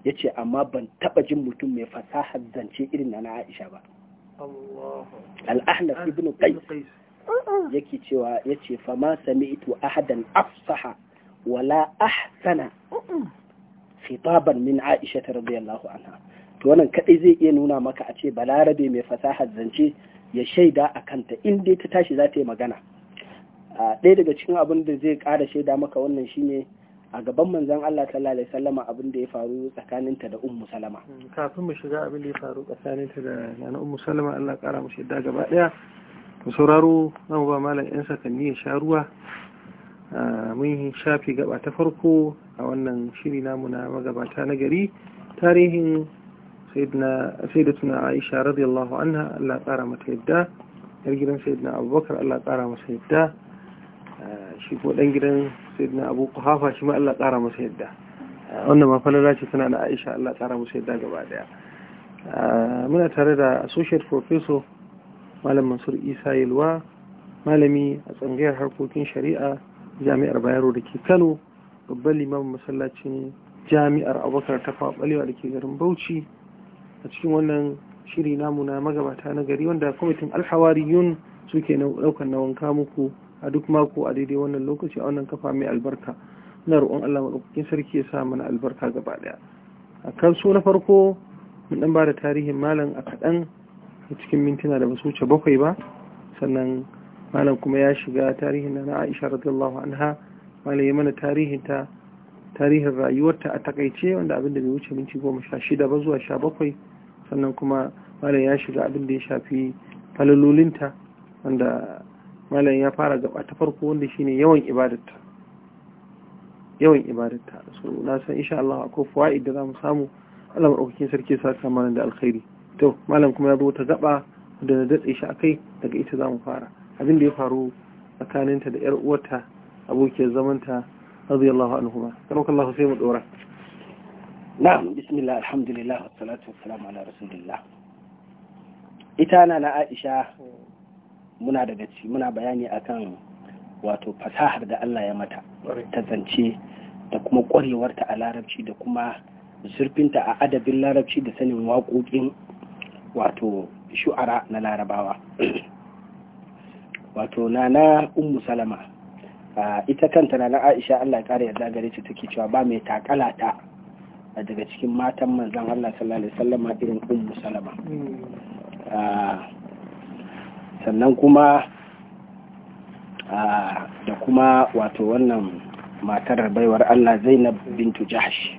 yace amma ban taba jin mutum mai fasahar zance irin na Aisha ba al-ahnaf ibn qais yake cewa yace fa ma sami'tu ahadan afsaha wala ahsana خطابا من Aisha ta الله anha to wannan kadai zai iya nuna maka a ce balarabe mai fasaha zance ya shaida a kanta in ta tashi za ta yi magana ɗaya daga cikin abin da zai ƙara shaida maka wannan shine a gaban manzon Allah sallallahu alaihi wasallama abin da ya faru tsakaninta da Ummu Salama mm, kafin mu shiga abin da ya faru tsakaninta da Nana Ummu Salama Allah ƙara mu shaida gaba ɗaya mu sauraro nan ba malam yan sakanni ya sha ruwa mun shafi gaba ta farko a wannan shiri namu na magabata na gari tarihin sayyidatuna aisha radiyallahu anha Allah tsara mata yadda yar gidan sayyidina abubakar Allah tsara masa yadda shi ko dan gidan sayyidina abu kuhafa shi ma Allah tsara masa yadda wannan mafalala ce tana da aisha Allah tsara masa yadda gaba daya muna tare da associate professor malam mansur isa yalwa malami a tsangayar harkokin shari'a jami'ar bayero da ke kano babban limamin masallacin jami'ar abubakar ta balewa da ke garin bauchi a cikin wannan shiri namu na magabata na gari wanda kwamitin alhawariyun suke daukan na wanka muku a duk mako a daidai wannan lokaci a wannan kafa mai albarka na roƙon allah maɗaukakin sarki ya sa mana albarka gaba ɗaya a kan so na farko mun ɗan ba da tarihin malam a kaɗan a cikin mintuna da ba su wuce bakwai ba sannan malam kuma ya shiga tarihin na Aisha radiyallahu anha malam ya mana tarihin ta tarihin rayuwarta a takaice wanda abin da bai wuce minti goma sha shida ba zuwa sha bakwai sannan kuma malam ya shiga abin da ya shafi falalolinta wanda malam ya fara gaba ta farko wanda shine yawan ibadarta yawan ibadarta so na san insha Allah akwai fawaid da zamu samu Allah madaukakin sarki ya saka mana da alkhairi to malam kuma ya zo ta gaba da na datse shi akai daga ita zamu fara abin da ya faru tsakaninta da 'yar uwarta abokiyar zamanta radiyallahu anhuma karwakallahu sai mu dora na'am bismillah alhamdulillah wassalatu wassalamu ala rasulillah ita na na Aisha muna daga ci muna bayani akan wato fasahar da Allah ya mata ta zance da kuma kwarewarta a larabci da kuma zurfinta a adabin larabci da sanin waƙoƙin wato shu'ara na larabawa wato nana ummu salama ita kanta nana aisha Allah kare yadda gare ta take cewa ba mai takala ta daga cikin matan manzan Allah sallallahu alaihi wasallam irin ummu salama sannan kuma da kuma wato wannan matar baiwar Allah Zainab bintu Jahsh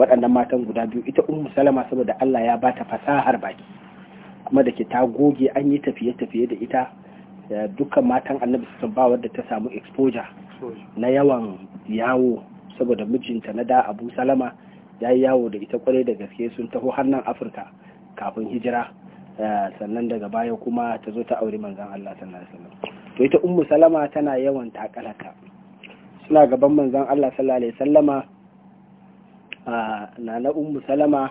waɗannan matan guda biyu ita ummu salama saboda Allah ya bata fasahar baki kuma da ke ta goge an yi tafiye-tafiye da ita dukkan matan annabi sun ba wadda ta samu exposure na yawan yawo saboda mijinta na da abu salama ya yi yawo da ita kwarai da gaske sun taho hannun afirka kafin hijira eh, sannan daga baya kuma ta zo ta auri manzan allah sallallahu alaihi wasallam to ita ummu salama tana yawan takalaka suna gaban manzan allah sallallahu alaihi wasallama eh, na na ummu salama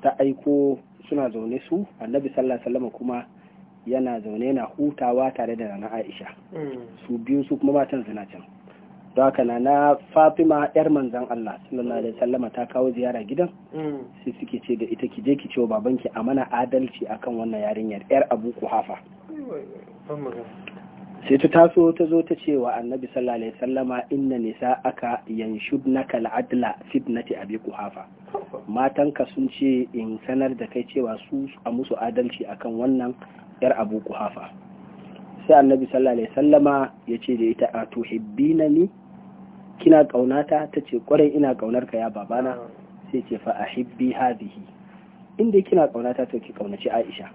ta aiko suna zaune su annabi sallallahu alaihi wasallama kuma yana zaune yana hutawa tare da nana aisha hmm. su biyu su kuma matan suna can don haka na na fatima yar manzan allah sallallahu alaihi sallama ta kawo ziyara gidan hmm. sai suke ce da ita ki je ki ce wa babanki a mana adalci akan wannan yarinyar yar abu ku hafa. sai ta taso ta zo ta ce wa annabi sallallahu alaihi sallama inna nisa aka yanshudnaka al'adla fitnati abi hafa matanka sun ce in sanar da kai cewa su a musu adalci akan wannan yar abu kuhafa sai annabi sallallahu alaihi sallama ya ce da ita a na ni kina kaunata ta ce kwarai ina kaunar ka ya babana sai ce fa a hibbi hadhihi inda kina kaunata ta ki kaunaci Aisha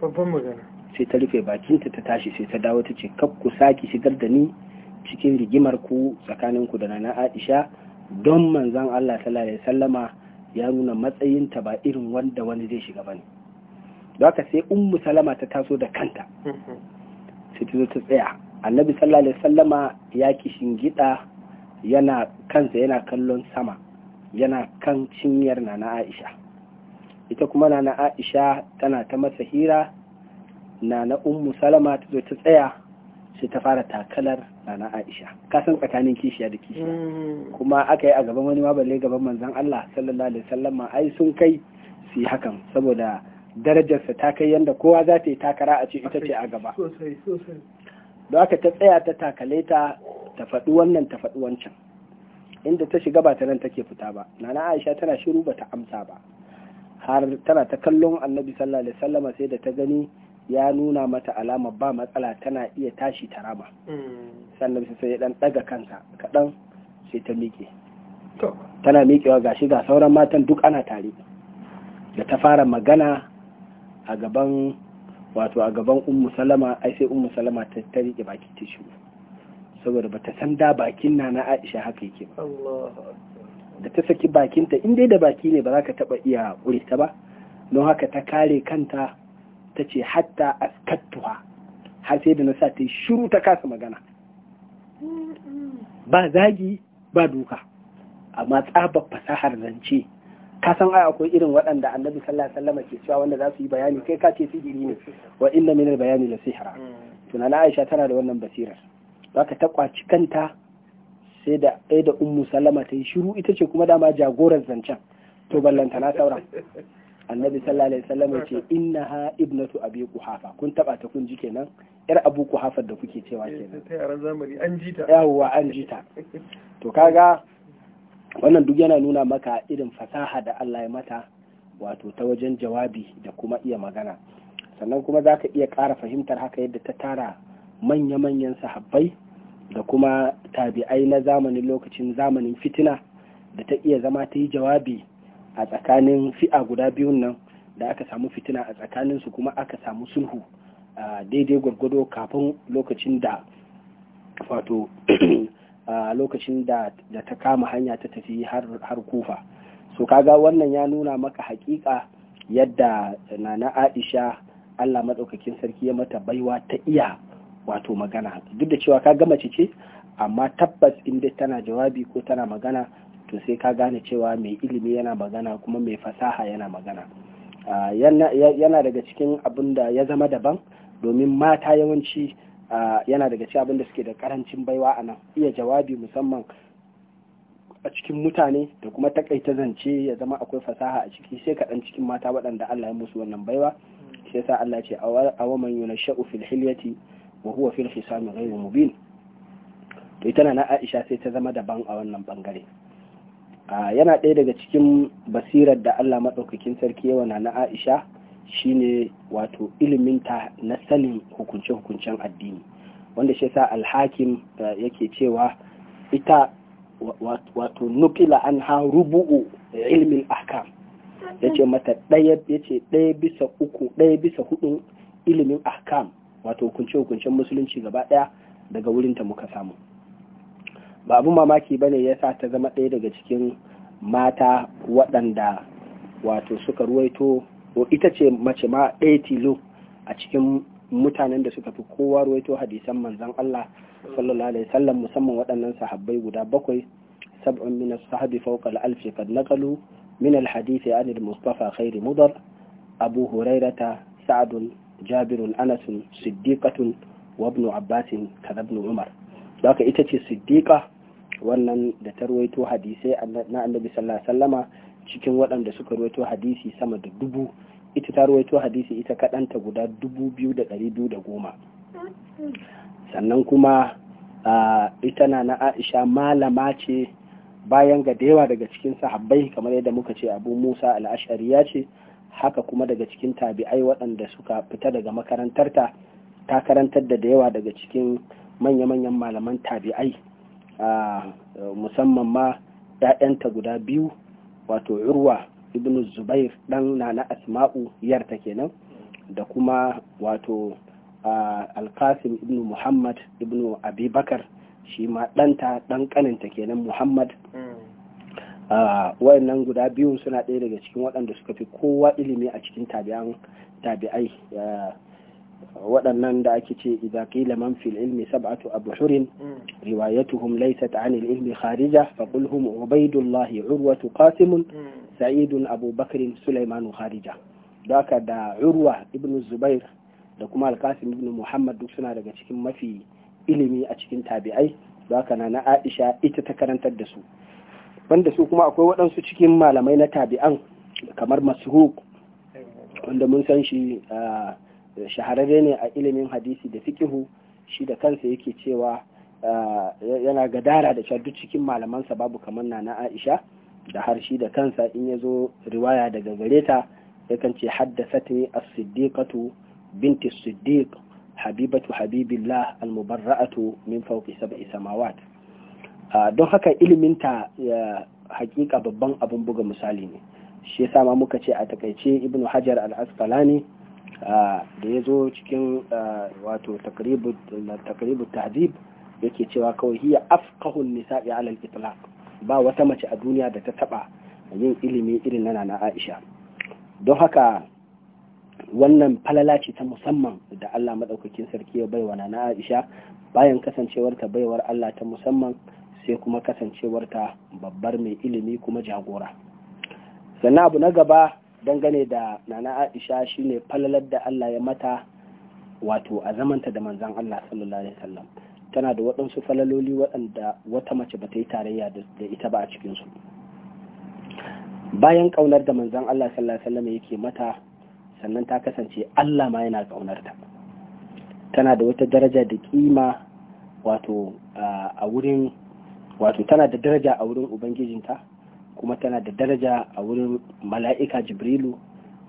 babban magana sai ta rufe bakinta ta tashi sai ta dawo ta ce kab ku saki shigar da ni cikin rigimar ku tsakanin ku da nana Aisha don manzon Allah sallallahu alaihi sallama ya nuna matsayinta ba irin wanda wani zai shiga bane zaka haka sai ummu salama ta taso da kanta sai ta zo ta tsaya annabi sallallahu alaihi sallama ya kishin gida yana kansa yana kallon sama yana kan cinyar na na aisha ita kuma na na aisha tana ta masa hira na na ummu salama ta zo ta tsaya sai ta fara takalar na na aisha kasan tsakanin kishiya da kishiya mm. kuma aka yi a gaban wani ma balle gaban manzon Allah sallallahu alaihi sallama ai sun kai su yi hakan saboda darajarsa ta kai yadda kowa za ta yi takara a ce ita ce a gaba don haka ta tsaya ta takale ta ta wannan ta faɗi wancan inda ta shiga ba ta nan take fita ba nana aisha tana shiru ba ta amsa ba har tana ta kallon annabi sallallahu alaihi sallama sai da ta gani ya nuna mata alama ba matsala tana iya tashi ta rama sannan hmm. sai ya ɗan ɗaga kansa kaɗan sai ta miƙe tana miƙewa shi ga sauran matan duk ana tare da ta fara magana a gaban wato a gaban ummu salama ai sai ummu salama ta ta rike baki ta saboda bata san da bakin na na Aisha haka yake ba da ta saki bakinta in dai da baki ne ba za ka taba iya kure ta ba don haka ta kare kanta ta ce hatta askattuwa har sai da na sa ta yi shiru ta kasa magana ba zagi ba duka amma tsabar fasahar zance ka san ai akwai irin waɗanda annabi sallallahu alaihi wasallam ke cewa wanda za su yi bayani kai ka ce sihiri ne wa inna min al-bayani la sihra hmm. tunana Aisha tana da wannan basirar baka ta kwaci kanta sai da ai da ummu salama ta yi shiru ita ce kuma dama jagorar zancen to ballanta na saura annabi sallallahu alaihi wasallam ya ce ha ibnatu abi quhafa kun taba ta kun ji kenan yar abu quhafa da kuke cewa eh, kenan ta yaran zamani an jita yawa an jita to kaga wannan duk yana nuna maka irin fasaha da Allah ya mata wato ta wajen jawabi da kuma iya magana sannan kuma za ka iya ƙara fahimtar haka yadda ta tara manya-manyan sahabbai da kuma tabi'ai na zamanin lokacin zamanin fitina da ta iya zama ta yi jawabi a tsakanin fi'a guda biyun nan da aka samu fitina a tsakanin su kuma aka samu sulhu daidai gwargwado kafin lokacin da wato a lokacin da ta kama hanya ta tafi har kufa so kaga wannan ya nuna maka hakika yadda na aisha allah maɗaukakin sarki ya mata baiwa ta iya wato magana duk da cewa ka gama ce amma tabbas inda tana jawabi ko tana magana to sai ka gane cewa mai ilimi yana magana kuma mai fasaha yana magana yana daga cikin abin da ya zama daban domin mata yawanci yana daga ci abin da suke da karancin baiwa a nan iya jawabi musamman a cikin mutane da kuma takaita zance ya zama akwai fasaha a ciki sai kaɗan cikin mata waɗanda Allah ya musu wannan baiwa sai sa Allah ce awaman yunasha'u fil hilyati wa huwa fil khisami ghayru mubin to ita na Aisha sai ta zama daban a wannan bangare yana ɗaya daga cikin basirar da Allah maɗaukakin sarki yawa na Aisha shine wato iliminta na sanin hukunce-hukuncen addini wanda shi sa alhakim eh, yake cewa ita wato nukila an ha rubu'u ilimin ahkam ya ce mata ɗaya ya ce ɗaya bisa uku ɗaya bisa hudun ilimin ahkam wato hukunce-hukuncen musulunci gaba ɗaya daga wurinta muka samu ba abu mamaki ba ne ya sa ta zama ɗaya daga cikin mata waɗanda wato suka ruwaito ko ita ce mace ma ɗaya tilo a cikin mutanen da suka fi kowa ruwaito hadisan manzan Allah sallallahu alaihi wasallam musamman waɗannan sahabbai guda bakwai sab'un min as-sahabi fawqa al-alf qad naqalu min al-hadith an al-mustafa khair mudar abu hurairata sa'd jabir anas siddiqatun wa ibn abbas kadha ibn umar haka ita ce siddiqa wannan da ta ruwaito hadisai na annabi sallallahu alaihi wasallama cikin waɗanda suka ruwaito hadisi sama da dubu ita ta ruwaito hadisi ita kaɗanta guda dubu biyu da biyu da goma sannan kuma ita na na aisha malama ce bayan ga dewa daga cikin sahabbai kamar yadda muka ce abu musa al'ashari ya ce haka kuma daga cikin tabi'ai waɗanda suka fita daga makarantarta ta karantar da dewa daga cikin manya-manyan malaman tabi'ai musamman ma 'ya'yanta guda biyu wato urwa ibn zubair dan nana asma'u yarta kenan da kuma wato alkasim ibn muhammad ibn abubakar shi ma ɗanta ɗan ƙaninta kenan muhammad hmm. wayannan guda biyun suna ɗaya daga cikin waɗanda suka fi kowa ilimi a cikin tabi'ai waɗannan da ake ce idza qila man fil ilmi sab'atu abhurin hmm. riwayatuhum laysat 'anil ilmi kharija fa qulhum hum ubaydullah urwatu qasim hmm. sa'idun abubakarin sulaimanu harija haka da urwa ibn zubair da kuma alkasim ibn muhammad duk suna daga cikin mafi ilimi a cikin tabi'ai haka na na aisha ita ta karantar da su banda su kuma akwai waɗansu cikin malamai na tabi'an kamar masruq wanda mun san shi ah, shahararre ne a ilimin hadisi da fikihu shi da kansa yake cewa ah, yana gadara da cewa duk cikin malamansa babu kamar na na aisha da harshi da kansa in ya zo riwaya daga gare ta yakan ce haddasatni as-siddiqatu binti siddiq habibatu habibillah al-mubarra'atu min fawqi sab'i samawat ah, don haka iliminta hakika babban abun buga misali ne shi yasa ma muka ce a takaice ibnu hajar al-asqalani ah, da ya zo cikin ah, wato takribu tahdib yake cewa kawai hiya afkahun nisa'i ala al-itlaq ba wata mace a duniya da ta taba yin ilimi irin na na Aisha don haka wannan falala ta musamman da Allah madaukakin sarki ya baiwa na Aisha bayan kasancewarta baiwar Allah ta musamman sai kuma kasancewar ta babbar mai ilimi kuma jagora sannan abu na gaba dangane da nana aisha shine falalar da allah ya mata wato a zamanta da manzon allah sallallahu alaihi wasallam tana da waɗansu falaloli waɗanda wata mace ba ta yi tarayya da ita ba a cikinsu bayan ƙaunar da manzan Allah sallallahu alaihi wasallam yake mata sannan ta kasance Allah ma yana ƙaunar ta tana da wata daraja da kima wato a wurin wato tana da daraja a wurin ubangijinta kuma tana da daraja a wurin mala'ika jibrilu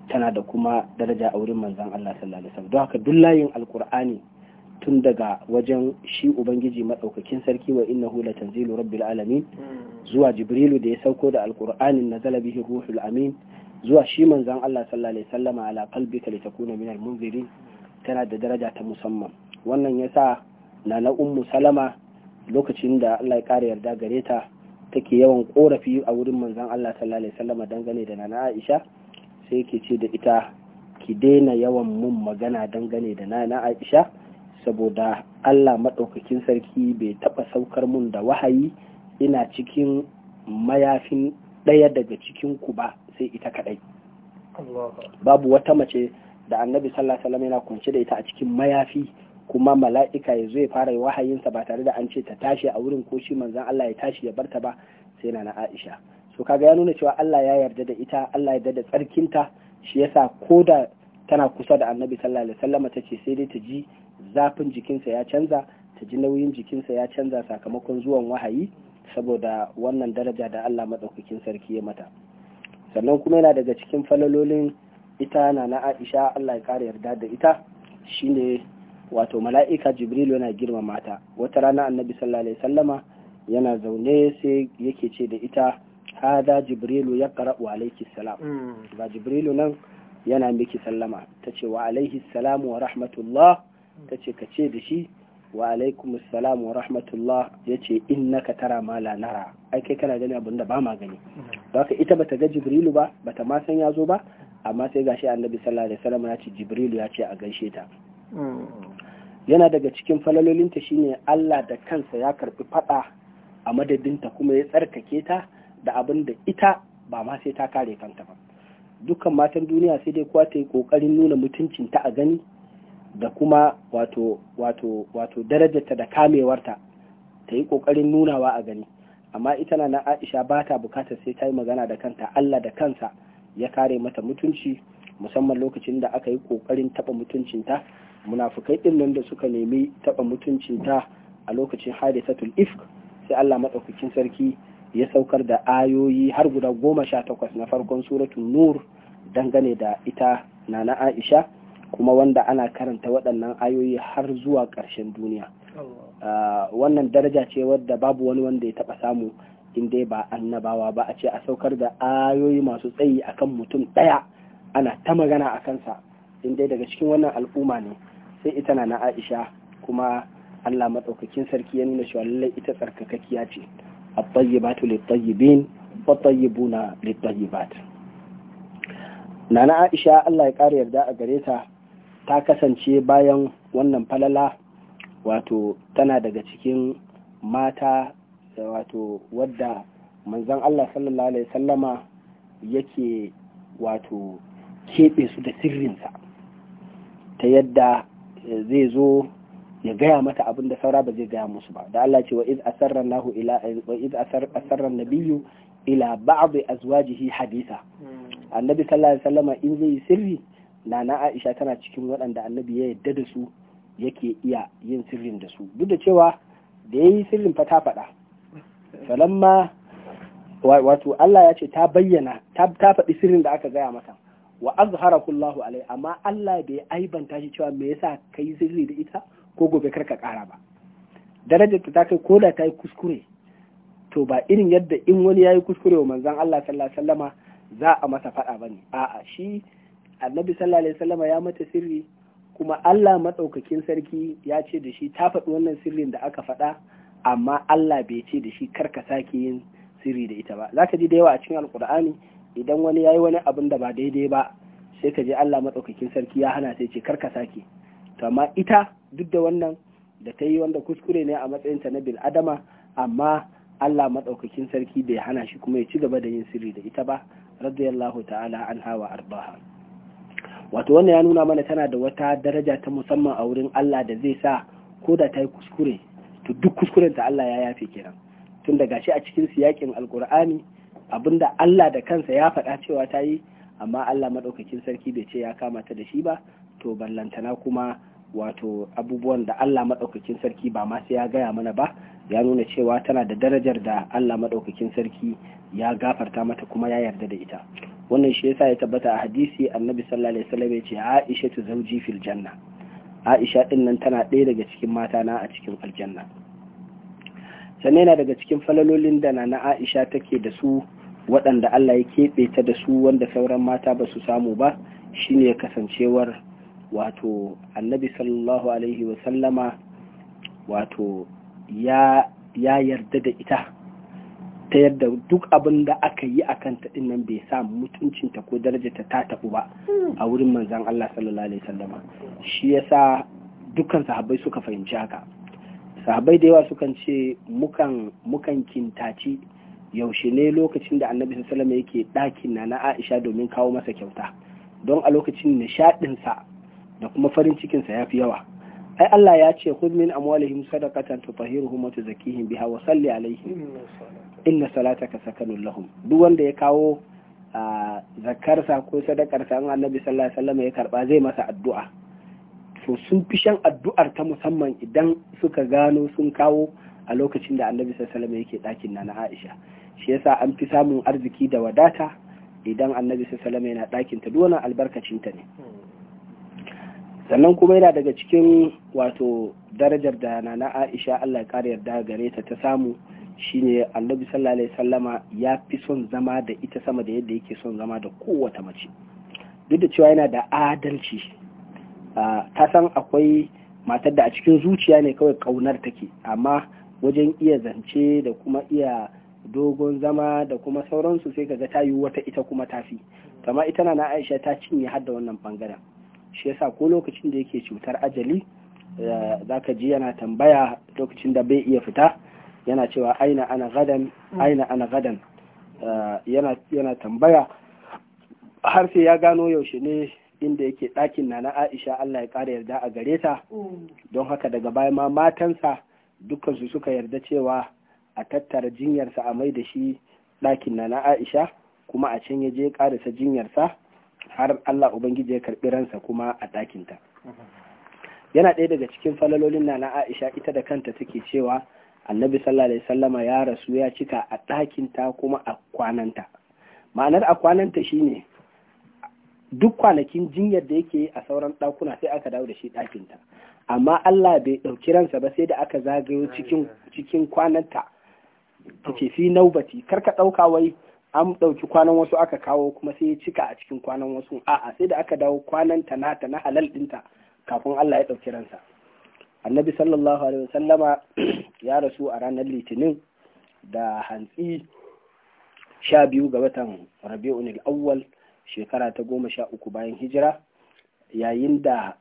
tana da kuma daraja a wurin manzan Allah sallallahu alaihi wasallam don haka Dullayin layin alkur'ani tun daga wajen shi ubangiji maɗaukakin sarki wa inna hula tanzilu rabbil alamin hmm. zuwa jibrilu da ya sauko da alqur'anin na bihi ruhul amin zuwa shi manzan Allah sallallahu alaihi wasallama ala li takuna min munzirin tana da daraja ta musamman wannan yasa nana ummu salama lokacin da Allah ya kare yarda gare ta take yawan korafi a wurin manzan Allah sallallahu alaihi wasallama dangane da nana Aisha sai yake ce da ita ki daina yawan mun magana dangane da nana Aisha saboda Allah maɗaukakin sarki bai taɓa saukar mun da wahayi ina cikin mayafin ɗaya daga cikin ku ba sai ita kaɗai. Babu wata mace da annabi sallallahu alaihi yana kunce da ita a cikin mayafi kuma mala'ika ya zo ya fara wahayinsa ba tare da an ce ta tashi a wurin ko shi manzon Allah ya tashi ya barta ba sai na Aisha. So kaga ya nuna cewa Allah ya yarda da ita, Allah ya yarda da tsarkinta, shi yasa ko da tana kusa da annabi sallallahu alaihi wasallam ta sai dai ta ji zafin jikinsa ya canza ta ji nauyin jikinsa ya canza sakamakon zuwan wahayi saboda wannan daraja da Allah maɗaukakin sarki ya mata sannan kuma yana daga cikin falalolin ita na na Aisha Allah ya kare yarda da ita shine wato mala'ika Jibril yana girma mata wata rana Annabi sallallahu sallama yana zaune sai yake ce da ita hada Jibrilu ya wa alayki salam ba mm. Jibrilu nan yana miki sallama ta ce wa alaihi salam wa rahmatullah ta ce ka ce da shi wa alaikum salam wa rahmatullah ya ce ka tara ma lanara. ai kai kana gani abin da ba ma gani ba ka ita bata ga jibrilu ba bata ma san ya zo ba amma sai gashi annabi sallallahu alaihi wasallam ya ce jibrilu ya ce a gaishe ta yana daga cikin falalolinta shine Allah da kansa ya karbi fada a madadinta kuma ya tsarkake ta da abin da ita ba ma sai ta kare kanta ba dukkan matan duniya sai dai kowa ta yi kokarin nuna mutuncinta a gani da kuma wato wato wato darajarta da kamewarta ta yi ƙoƙarin nunawa a gani amma ita na na aisha ba ta bukatar sai ta yi magana da kanta allah da kansa ya kare mata mutunci musamman lokacin da aka yi ƙoƙarin taɓa mutuncinta munafukai ɗin nan da suka nemi taɓa mutuncinta a lokacin hadisatul ifk sai allah maɗaukakin sarki ya saukar da ayoyi har guda goma sha takwas na farkon suratun nur dangane da ita na na aisha kuma wanda ana karanta waɗannan ayoyi har zuwa ƙarshen duniya ah, wannan daraja ce wadda babu wani wanda ya taɓa samu in ba annabawa ba a ce a saukar da ayoyi masu tsayi akan mutum ɗaya ana ta magana a kansa in daga cikin wannan al'umma ne sai ita na aisha kuma allah maɗaukakin sarki ya nuna cewa lallai ita tsarkakakkiya ce الطيبات للطيبين nana aisha allah ya ƙara yarda a gare ta ta kasance bayan wannan falala wato tana daga cikin mata wato wadda manzan Allah sallallahu Alaihi sallama yake wato keɓe su da sirrinsa ta yadda zai zo ya gaya mata abin da saura ba zai gaya musu ba da Allah ce wa iz asarra nahu ila wa iz ila ba'd azwajihi hadisa hmm. annabi sallallahu alaihi wasallama in zai sirri nana aisha tana cikin waɗanda annabi ya yadda da su yake iya yin sirrin da su duk da cewa da ya yi sirrin fata faɗa falamma wato Allah ya ce ta bayyana ta faɗi sirrin da aka gaya mata wa azharahu kullahu alai amma Allah bai aibanta shi cewa me yasa yi sirri da ita ko gobe karka ƙara ba darajar ta kai ko da ta yi kuskure to ba irin yadda in wani ya yi kuskure wa manzon Allah sallallahu alaihi za a masa faɗa ne a'a shi annabi sallallahu alaihi wasallama ya mata sirri kuma Allah maɗaukakin sarki ya ce da shi ta faɗi wannan sirrin da aka faɗa amma Allah bai ce da shi karka sake yin sirri da ita ba zata ji da yawa a cikin alkur'ani idan wani yayi wani abin da ba daidai ba sai ka je Allah maɗaukakin sarki ya hana sai ce karka sake to amma ita duk da wannan da ta yi wanda kuskure ne a matsayin ta na bil adama amma Allah maɗaukakin sarki bai hana shi kuma ya ci gaba da yin sirri da ita ba radiyallahu ta'ala anha wa arbaha wato wannan ya nuna mana tana da wata daraja ta musamman a wurin Allah da zai sa ko da ta yi kuskure to duk kuskuren ta Allah ya yafe kenan tun da gashi a cikin siyakin alkur'ani abinda Allah da kansa ya faɗa cewa ta yi amma Allah maɗaukakin sarki bai ce ya kamata da shi ba to ballantana kuma wato abubuwan da Allah maɗaukakin sarki ba ma sai ya gaya mana ba ya nuna cewa tana da darajar da Allah maɗaukakin sarki ya gafarta mata kuma ya yarda da ita wannan shi yasa ya tabbata a hadisi annabi sallallahu alaihi wasallam ya ce Aisha tu zauji fil janna Aisha din nan tana ɗaya daga cikin mata na a cikin aljanna sannan yana daga cikin falalolin da na Aisha take da su waɗanda Allah ya keɓe ta da su wanda sauran mata ba su samu ba shine kasancewar wato annabi sallallahu alaihi wasallama wato ya yarda da ita ta yadda duk abin da aka yi a kan taɗin nan bai sa mutuncinta ko darajarta ta tabu ba a wurin manzan Allah sallallahu alaihi wasallama shi ya sa dukkan sahabbai suka fahimci haka sahabbai da yawa sukan ce mukan kintaci yaushe ne lokacin da annabi sallallahu yake ɗakin na na Aisha domin kawo masa kyauta don a lokacin nishaɗinsa da kuma farin cikinsa ya fi yawa ai Allah ya ce khudh min amwalihim sadaqatan tutahhiruhum wa tuzakkihim biha wa salli alaihim inna salataka sakanun lahum duk wanda ya kawo sa ko sadakarsa sa annabi sallallahu alaihi wasallam ya karba zai masa addu'a to sun fi shan addu'ar ta musamman idan suka gano sun kawo a lokacin da annabi sallallahu alaihi yake dakin na Aisha shi yasa an fi samun arziki da wadata idan annabi sallallahu alaihi yana dakin ta duk wannan albarkacin ta ne hmm. sannan kuma yana daga cikin wato darajar da na aisha allah ƙara yarda gare ta ta samu shine annabi sallallahu alaihi sallama ya fi son zama da ita sama da yadda yake son zama da kowace mace duk da cewa yana da adalci ta san akwai matar da a cikin zuciya ne kawai kaunar take amma wajen iya zance da kuma iya dogon zama da kuma sauransu sai kaga ta yi wata ita kuma ta fi kama ita na aisha ta cinye har da wannan bangaren shi yasa ko lokacin da yake cutar ajali eh, zaka ji yana tambaya lokacin da bai iya fita yana cewa aina ana gadan aina ana gadan eh, yana tambaya har sai ya gano yaushe ne inda yake ɗakin na na Aisha Allah ya ƙara yarda a gare ta don haka daga baya ma matansa dukkansu suka yarda cewa a tattara jinyarsa a mai da shi ɗakin na na Aisha kuma a can ya je ƙarasa jinyarsa har Allah Ubangiji ya karɓi ransa kuma a ɗakinta. Yana ɗaya daga cikin falalolin na na Aisha ita da kanta take cewa annabi sallallahu alaihi sallama ya rasu ya cika a ɗakinta kuma a kwananta. Ma'anar a kwananta shine duk kwanakin jinyar da yake a sauran ɗakuna sai aka dawo da shi ɗakinta. Amma Allah bai ɗauki ransa ba sai da aka zagayo cikin kwananta. Take fi naubati, kar ka ɗauka wai an ɗauki kwanan wasu aka kawo kuma sai ya cika a cikin kwanan wasu a'a sai da aka dawo kwanan ta nata na halal ɗinta kafin Allah ya ɗauki ransa annabi sallallahu alaihi wasallama ya rasu a ranar litinin da hantsi sha biyu ga watan rabi'un awwal shekara ta goma sha uku bayan hijira yayin da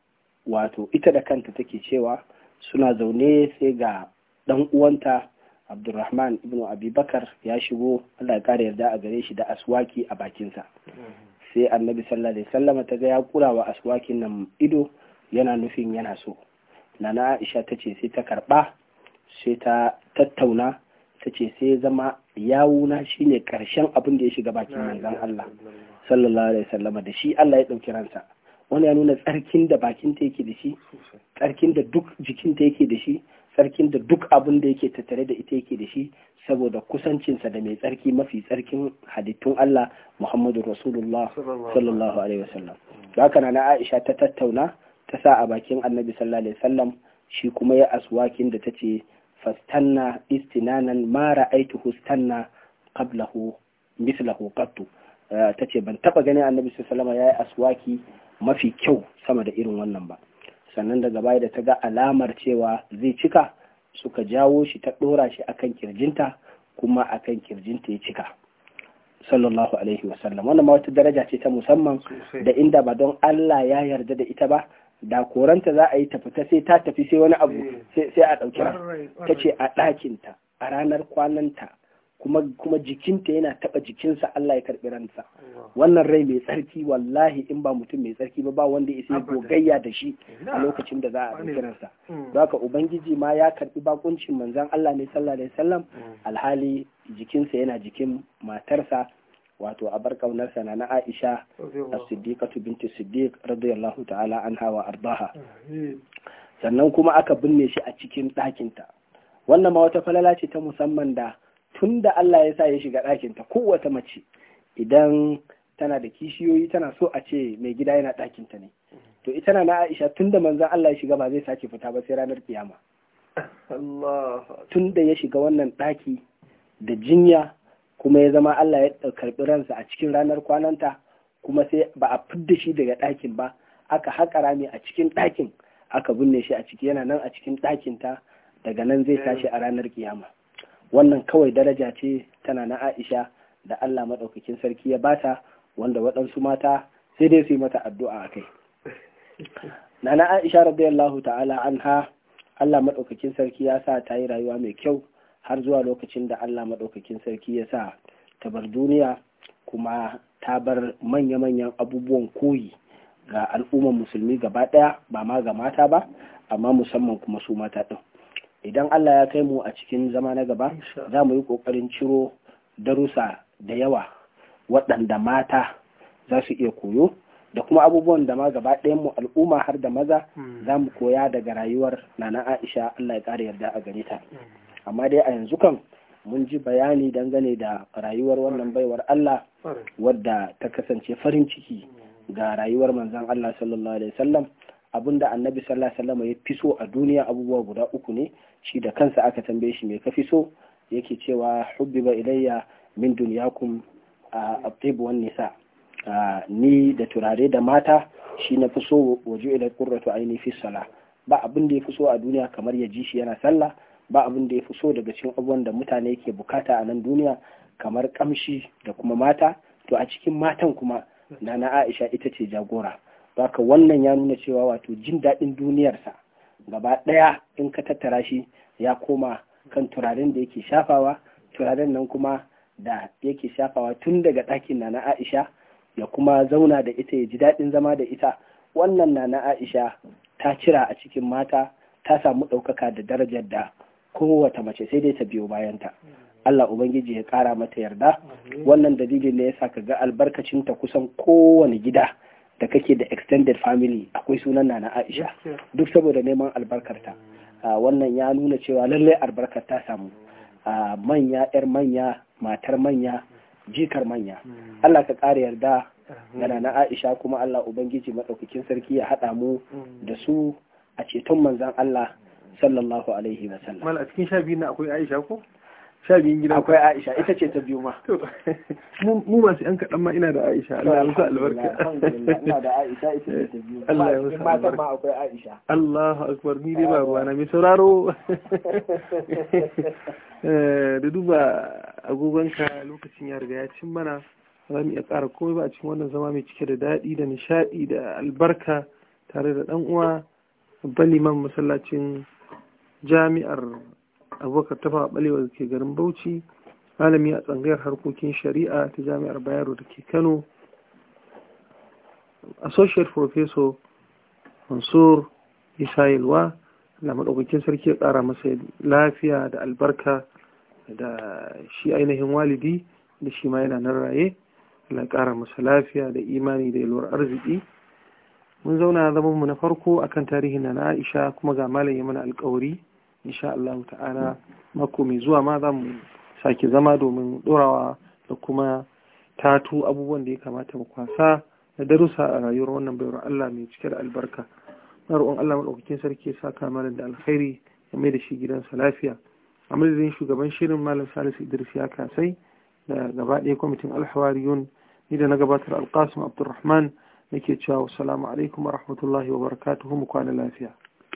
wato ita da kanta take cewa suna zaune sai ga ɗan uwanta Abdulrahman ibn abubakar ya shigo allah ya kara yarda a gare shi da aswaki a bakinsa sai annabi sallallahu alaihi sallama ta ga ya kura wa aswakin nan ido yana nufin yana so nana aisha ta ce sai ta karba sai ta tattauna ta ce sai zama yawuna shine karshen abin da ya shiga bakin manzon allah sallallahu alaihi sallama da shi allah ya ɗauki ransa wani ya nuna tsarkin da bakin ta yake da shi tsarkin da duk jikin ta yake da shi tsarkin da duk abin da yake tattare da ita yake da shi saboda kusancinsa da mai tsarki mafi tsarkin hadittun Allah Muhammadu Rasulullah sallallahu alaihi wasallam haka na Aisha ta tattauna ta sa a bakin Annabi sallallahu alaihi wasallam shi kuma ya aswakin da tace fastanna istinanan mara aiki hustanna qablahu mislahu qattu tace ban taɓa ganin Annabi sallallahu alaihi wasallam yayi aswaki mafi kyau sama da irin wannan ba sannan daga baya da ta ga alamar cewa zai cika suka jawo shi ta ɗora shi akan kirjinta kuma akan kirjinta ya cika sallallahu alaihi wasallam wannan ma wata daraja ce ta musamman da inda ba don Allah ya yarda da ita ba da koranta za a yi ta fita sai ta tafi sai wani abu eh. sai a ɗauki ta ce a ɗakinta a ranar kwananta kuma kuma jikinta yana taba jikinsa Allah ya karbi ransa wannan rai mai tsarki wallahi in ba mutum mai tsarki ba ba wanda ya sai gogayya da shi a lokacin da za a karbi ransa hmm. haka ubangiji ma ya karbi bakuncin manzon Allah ne sallallahu alaihi wasallam hmm. alhali jikinsa yana jikin matarsa wato a bar sana na Aisha as-Siddiqatu binti Siddiq radiyallahu ta'ala anha wa ardaha sannan kuma aka binne shi a cikin ɗakinta wannan ma wata falala ce ta musamman da tun da Allah ya sa ya shiga ɗakinta kowace mace idan tana da kishiyoyi tana so a ce mai gida yana ɗakinta ne to ita na Aisha tun da manzan Allah ya shiga ba zai sake fita ba sai ranar kiyama tun da ya shiga wannan ɗaki da jinya kuma ya zama Allah ya karɓi ransa a cikin ranar kwananta kuma sai ba a fidda shi daga ɗakin ba aka haƙa rami a cikin ɗakin aka binne shi a ciki yana nan a cikin ɗakin ta daga nan zai eh. tashi a ranar kiyama wannan kawai daraja ce tana na aisha da allah maɗaukakin sarki ya bata wanda waɗansu mata sai dai su yi mata addu'a a kai nana aisha radiyallahu ta'ala an anha allah maɗaukakin sarki ya sa ta yi rayuwa mai kyau har zuwa lokacin da allah maɗaukakin sarki ya sa ta bar duniya kuma ta bar manya-manyan abubuwan koyi ga al'ummar musulmi gaba ɗaya ba ma ga mata ba amma musamman kuma su mata ɗin idan Allah ya kai mu a cikin zama na gaba za mu yi ƙoƙarin ciro darussa da yawa waɗanda mata za su iya koyo da kuma abubuwan da ma gaba ɗayan mu al'umma har da maza hmm. za mu koya daga rayuwar nana Aisha Allah ya ƙara yarda a gare ta hmm. amma dai a yanzu kan mun ji bayani dangane da rayuwar wannan baiwar Allah wadda ta kasance farin ciki ga rayuwar manzon Allah sallallahu alaihi wasallam abinda annabi sallallahu alaihi wasallam ya fi so a duniya abubuwa guda uku ne shi da kansa aka tambaye shi mai kafi so yake cewa hubbiba ilayya min dunyakum at wan nisa ni da turare da mata shi na fi so waje ila qurratu aini fi sala ba abin da ya fi so a duniya kamar ya ji shi yana sallah ba abin da ya fi so daga cikin abubuwan da mutane ke bukata a nan duniya kamar kamshi da kuma mata to a cikin matan kuma na Aisha ita ce jagora baka wannan ya nuna cewa wato jin daɗin duniyarsa gaba ɗaya in ka tattara shi ya koma kan turaren da yake shafawa turaren nan kuma da yake shafawa tun daga ɗakin na na aisha ya kuma zauna da ita ya ji daɗin zama da ita wannan na na aisha ta cira a cikin mata ta samu ɗaukaka da darajar da kowace mace sai dai ta biyo bayanta Allah Ubangiji ya ƙara mata yarda wannan dalilin ne ya sa ka ga albarkacinta kusan kowane gida da kake da extended family akwai sunan nana Aisha duk saboda neman albarkarta ah, wannan ya nuna cewa lallai albarkar ta samu ah, manya yar manya matar manya jikar manya hmm. Allah ka kare yarda ga nana Aisha kuma Allah ubangiji madaukakin sarki ya haɗa mu hmm. da su a ceton manzon Allah sallallahu alaihi wasallam mal na akwai Aisha ko sha biyun gida akwai aisha ita ce ta biyu ma mu masu yan kaɗan ma ina da aisha Allah ya musu albarka ina da aisha ita ce ta biyu Allah ya musu albarka ma akwai aisha Allahu akbar ni dai ba na mai sauraro eh, da duba agogonka lokacin ya riga ya cin mana za mu iya ƙara komai ba a cikin wannan zama mai cike da daɗi da nishaɗi da albarka tare da ɗan uwa babban liman masallacin jami'ar abubakar tafa balewa da ke garin bauchi malami a tsangayar harkokin shari'a ta jami'ar bayero da ke kano associate professor mansur isayilwa na maɗaukakin sarki ya ƙara masa lafiya da albarka da shi ainihin walidi da shi ma yana nan raye na ƙara masa lafiya da imani da yalwar arziki mun zauna zama mu na farko akan tarihin na Aisha kuma ga malam mana alƙawari insha Allah ta'ala mako mai zuwa ma za mu sake zama domin ɗorawa da kuma tatu abubuwan da ya kamata mu kwasa da darussa a rayuwar wannan bayar Allah mai cike da albarka na roƙon Allah maɗaukakin sarki sa saka malam da alkhairi ya mai da shi gidansa lafiya a madadin shugaban shirin malam salisu idris ya kasai da gaba ɗaya kwamitin alhawariyun ni da na gabatar alkasim abdulrahman nake cewa wasu alaikum wa rahmatullahi wa barakatuhu mu kwana lafiya